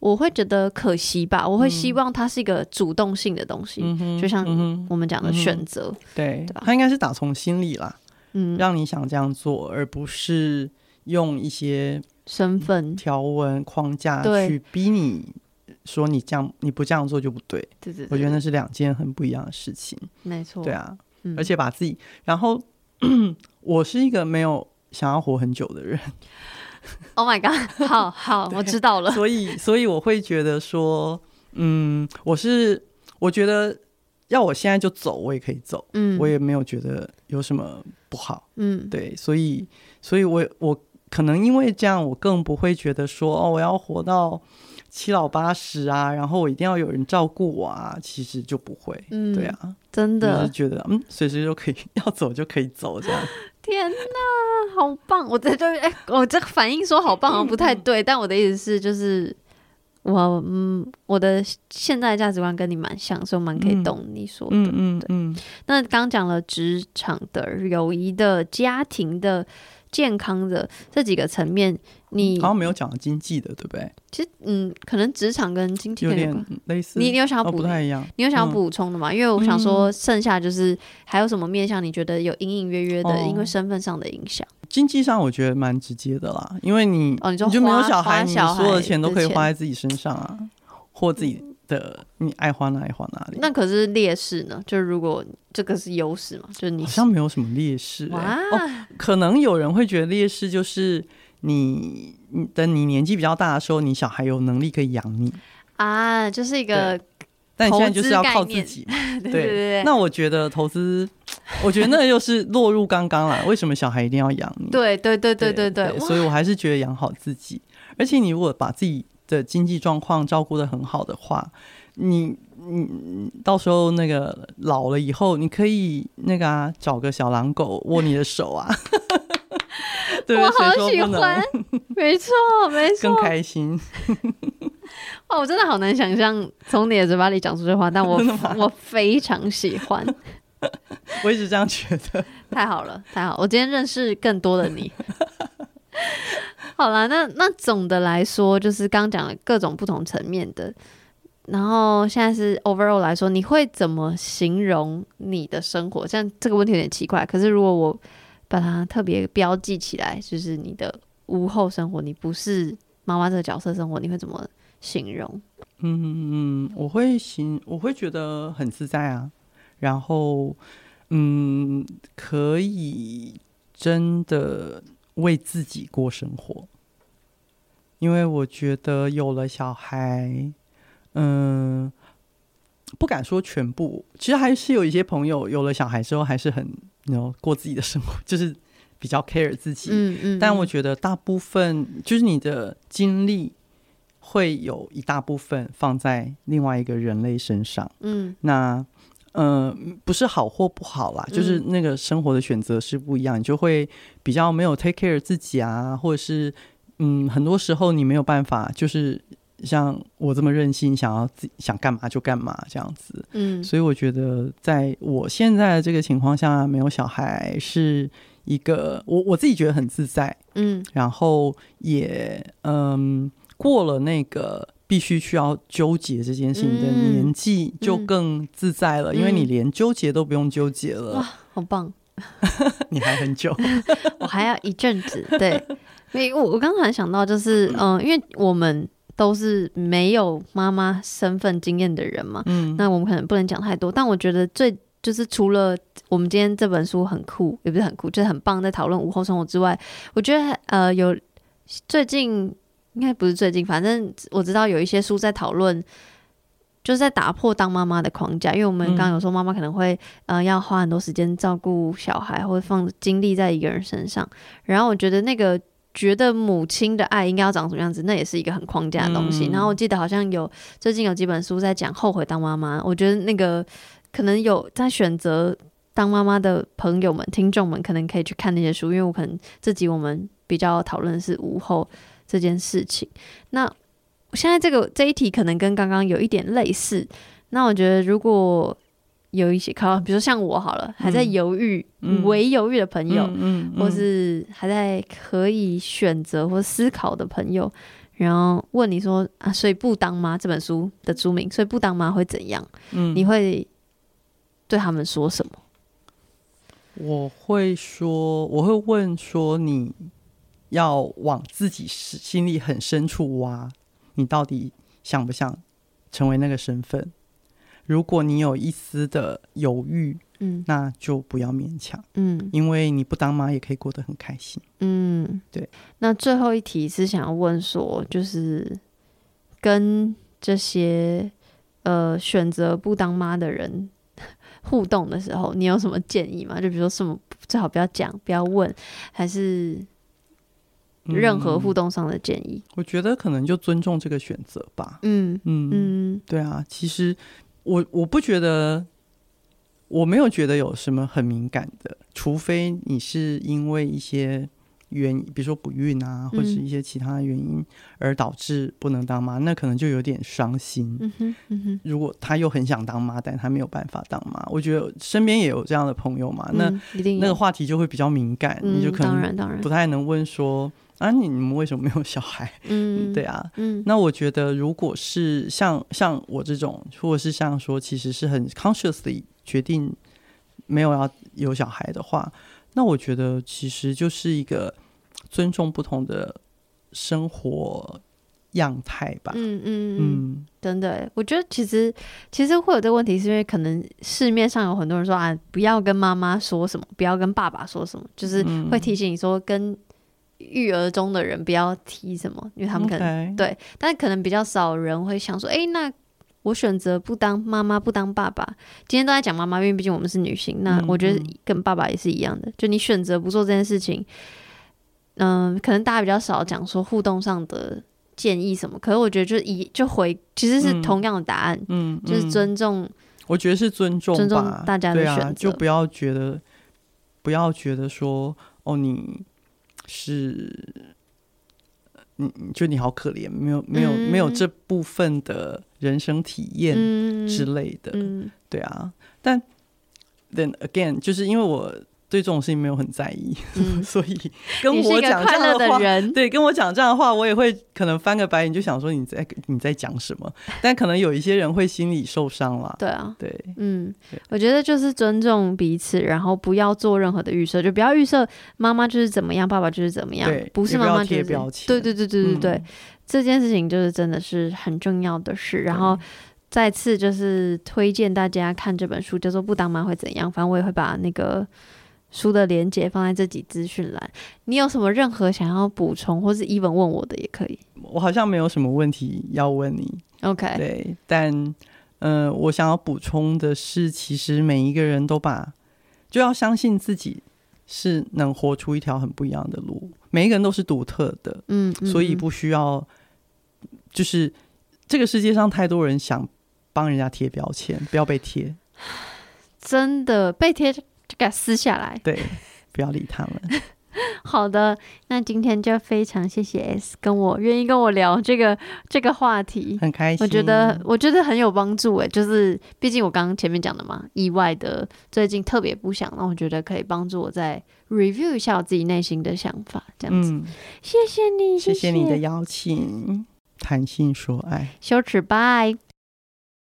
A: 我會覺得可惜吧。嗯、我會希望它是一個主動性的東西，嗯、哼就像我們講的選擇，嗯、哼對,
B: 對吧他應該是打從心裡啦，嗯，讓你想這樣做，而不是用一些。身份、嗯、條文框架去逼你說你這樣，你不這樣做就不對。對對對，我覺得那是兩件很不一樣的事情，沒錯，對啊，嗯、而且把自己，然後 我是一個沒有想要活很久的人
A: ，Oh my god，好好 對我知道了，所以
B: 所以我會覺得說，嗯，我是我覺得要我現在就走我也可以走，嗯，我也沒有覺得有什麼不好，嗯，對，所以所以我我。可能因為這樣，我更不會覺得說哦，我要活到七老八十啊，然後我一定要有人照顧我啊，其實就不會。
A: 嗯，對啊，真的，就
B: 覺得嗯，隨時都可以，要走就可以走，這樣。
A: 天哪，好棒！我這就哎、欸，我這個反應說好棒，好像不太對，嗯、但我的意思是就是我嗯，我的現在的價值觀跟你蠻像，所以我蠻可以懂你說的。嗯嗯嗯。那剛講了職場的、友誼的、家庭的。健康的這幾個層面，你、嗯、好像沒
B: 有講經濟的，對不對？
A: 其實，嗯，可能職場跟經濟有，有
B: 點類似。你你有想要補？你有想要補、哦、
A: 充的嗎？嗯、因為我想說，剩下就是還有什麼面向？你覺得有隱隱約約的，因為身份上的影響、
B: 哦。經濟上我覺得蠻直接的啦，因為你、哦、你，你就沒有小孩，你所有的錢都可以花在自己身上啊，前或自己。的你愛花哪愛花哪
A: 裡？那可是劣勢呢？就如果這個是優勢嘛？就你是好像
B: 沒有什麼劣勢、欸、哇哦，可能有人會覺得劣勢就是你，你等你年紀比較大的時候，你小孩有能力可以養你
A: 啊，就是一個，但你現在就是要靠自己嘛。 對對對，對，對，那我
B: 覺得投資，我覺得那又是落入剛剛了。 為什麼小孩一定要養
A: 你？對對對對對對，對，對對對對，所
B: 以我還是覺得養好自己，哇而且你如果把自己。的經濟狀況照顧得很好的話，你你到時候那個老了以後，你可以那個啊找個小狼狗握你的手啊，
A: 我好喜歡，
B: 沒錯沒錯，更開心。
A: 哇。我真的好難想象從你的嘴巴裡講出這話，但我 嗎我非常喜歡。
B: 我一直這樣覺得。
A: 太好了，太好！我今天認識更多的你。 好了，那那總的來說就是剛講了各種不同層面的，然後現在是 overall 來說，你會怎麼形容你的生活？像這個問題有點奇怪，可是如果我把它特別標記起來，就是你的無後生活，你不是媽媽這個角色生活，你會怎麼形容？嗯
B: 嗯，我會形，我會覺得很自在啊，然後嗯，可以真的。為自己過生活，因為我覺得有了小孩，嗯、呃，不敢說全部，其實還是有一些朋友有了小孩之後還是很能過自己的生活，就是比較 care 自己。嗯嗯，嗯，但我覺得大部分就是你的精力會有一大部分放在另外一個人類身上。嗯，那。嗯、呃，不是好或不好啦，就是那個生活的選擇是不一樣，嗯、你就會比較沒有 take care 自己啊，或者是嗯，很多時候你沒有辦法，就是像我這麼任性，想要自想幹嘛就幹嘛這樣子。嗯，所以我覺得在我現在這個情況下，沒有小孩是一個我我自己覺得很自在。嗯，然後也嗯、呃、過了那個。必須需要糾結這件事情的年紀就更自在了，嗯嗯、因為你連糾結都不用糾結了。
A: 哇，好棒！
B: 你還很久，
A: 我還要一陣子。對，沒 我我剛才想到就是，嗯、呃，因為我們都是沒有媽媽身份經驗的人嘛，嗯，那我們可能不能講太多。但我覺得最就是除了我們今天這本書很酷，也不是很酷，就是很棒，在討論無後生活之外，我覺得呃，有最近。應該不是最近，反正我知道有一些書在討論，就是在打破當媽媽的框架，因為我們剛剛有說媽媽可能會、嗯、呃要花很多時間照顧小孩，或者放精力在一個人身上。然後我覺得那個覺得母親的愛應該要長什麼樣子，那也是一個很框架的東西。嗯、然後我記得好像有最近有幾本書在講後悔當媽媽，我覺得那個可能有在選擇當媽媽的朋友們、聽眾們，可能可以去看那些書，因為我可能這集我們比較討論的是無後。這件事情，那我現在這個這一題可能跟剛剛有一點類似。那我覺得，如果有一些考，比如說像我好了，還在猶豫、為、嗯、猶豫的朋友，嗯，嗯嗯或是還在可以選擇或思考的朋友，然後問你說啊，所以不當媽這本書的書名，所以不當媽會怎樣？嗯，你會對他們說什麼？我會說，我會
B: 問說你。要往自己心裡很深處挖，你到底想不想成為那個身份？如果你有一絲的猶豫，嗯，那就不要勉強，嗯，因為你不當媽也可以過得很開心，嗯，
A: 對。那最後一題是想要問說，就是跟這些呃選擇不當媽的人呵呵互動的時候，你有什麼建議嗎？就比如說什麼最好不要講，不要問，還是？任何互動上的建議，嗯，
B: 我覺得可能就尊重這個選擇吧。嗯嗯，嗯對啊，其實我我不覺得，我沒有覺得有什麼很敏感的，除非你是因為一些原因，比如說不孕啊，或是一些其他原因而導致不能當媽，嗯、那可能就有點傷心。嗯嗯、如果他又很想當媽，但他沒有辦法當媽，我覺得身邊也有這樣的朋友嘛，那、嗯、一定那個話題就會比較敏感，嗯、你就可能當然當然不太能問說。啊，你你們為什麼沒有小孩？嗯， 對啊，嗯，那我覺得如果是像像我這種，或者是像說其實是很 consciously 決定沒有要有小孩的話，那我覺得其實就是一個尊重不同的生活樣態吧。嗯嗯嗯
A: 嗯，真、嗯、的、嗯嗯，我覺得其實其實會有這個問題，是因為可能市面上有很多人說啊，不要跟媽媽說什麼，不要跟爸爸說什麼，就是會提醒你說跟、嗯。育兒中的人不要提什麼，因為他們可能 Okay. 對，但是可能比較少人會想說：“哎、欸，那我選擇不當媽媽，不當爸爸。”今天都在講媽媽，因為畢竟我們是女性。那我覺得跟爸爸也是一樣的，嗯、就你選擇不做這件事情，嗯、呃，可能大家比較少講說互動上的建議什麼。可是我覺得就以，就回，其實是同樣的答案，嗯，就是尊重、
B: 嗯。我覺得是尊重，尊重大家的選擇、對啊，就不要覺得，不要覺得說哦你。是，你你覺得你好可憐，沒有沒有沒有這部分的人生體驗之類的，嗯，對啊，但 then again，就是因為我。對這種事情沒有很在意，嗯、 所以跟我講這樣的話，你是一個快樂的人。對，跟我講這樣的話，我也會可能翻個白眼，就想說你在你在講什麼？但可能有一些人會心理受傷了。
A: 對啊，對，嗯，對我覺得就是尊重彼此，然後不要做任何的預設，就不要預設媽媽就是怎麼樣，爸爸就是怎麼樣，對不是媽媽貼標籤。對，對，對，對，對，對，對，對、嗯，對，對，對，對，這件事情就是真的是很重要的事。然後再次就是推薦大家看這本書，叫做《不當媽會怎樣》，反正我也會把那個書的連結放在這集資訊欄。你有什麼任何想要補充，或是 even 問我的也可以。我
B: 好像沒有什麼問題要問你。OK。對，但嗯、呃，我想要補充的是，其實每一個人都把就要相信自己是能活出一條很不一樣的路。每一個人都是獨特的，嗯，所以不需要嗯嗯就是這個世界上太多人想幫人家貼標籤，不要被貼。
A: 真的被貼。就給它撕下來。
B: 對，不要理他們。
A: 好的，那今天就非常謝謝 S 跟我願意跟我聊這個這個話題，很開心。我覺得我覺得很有幫助誒，就是畢竟我剛剛前面講的嘛，意外的最近特別不想，讓我覺得可以幫助我再 review 一下我自己內心的想法，這樣子。嗯，謝謝你，謝謝，謝謝你的邀請，
B: 談性說愛，
A: 羞恥，拜。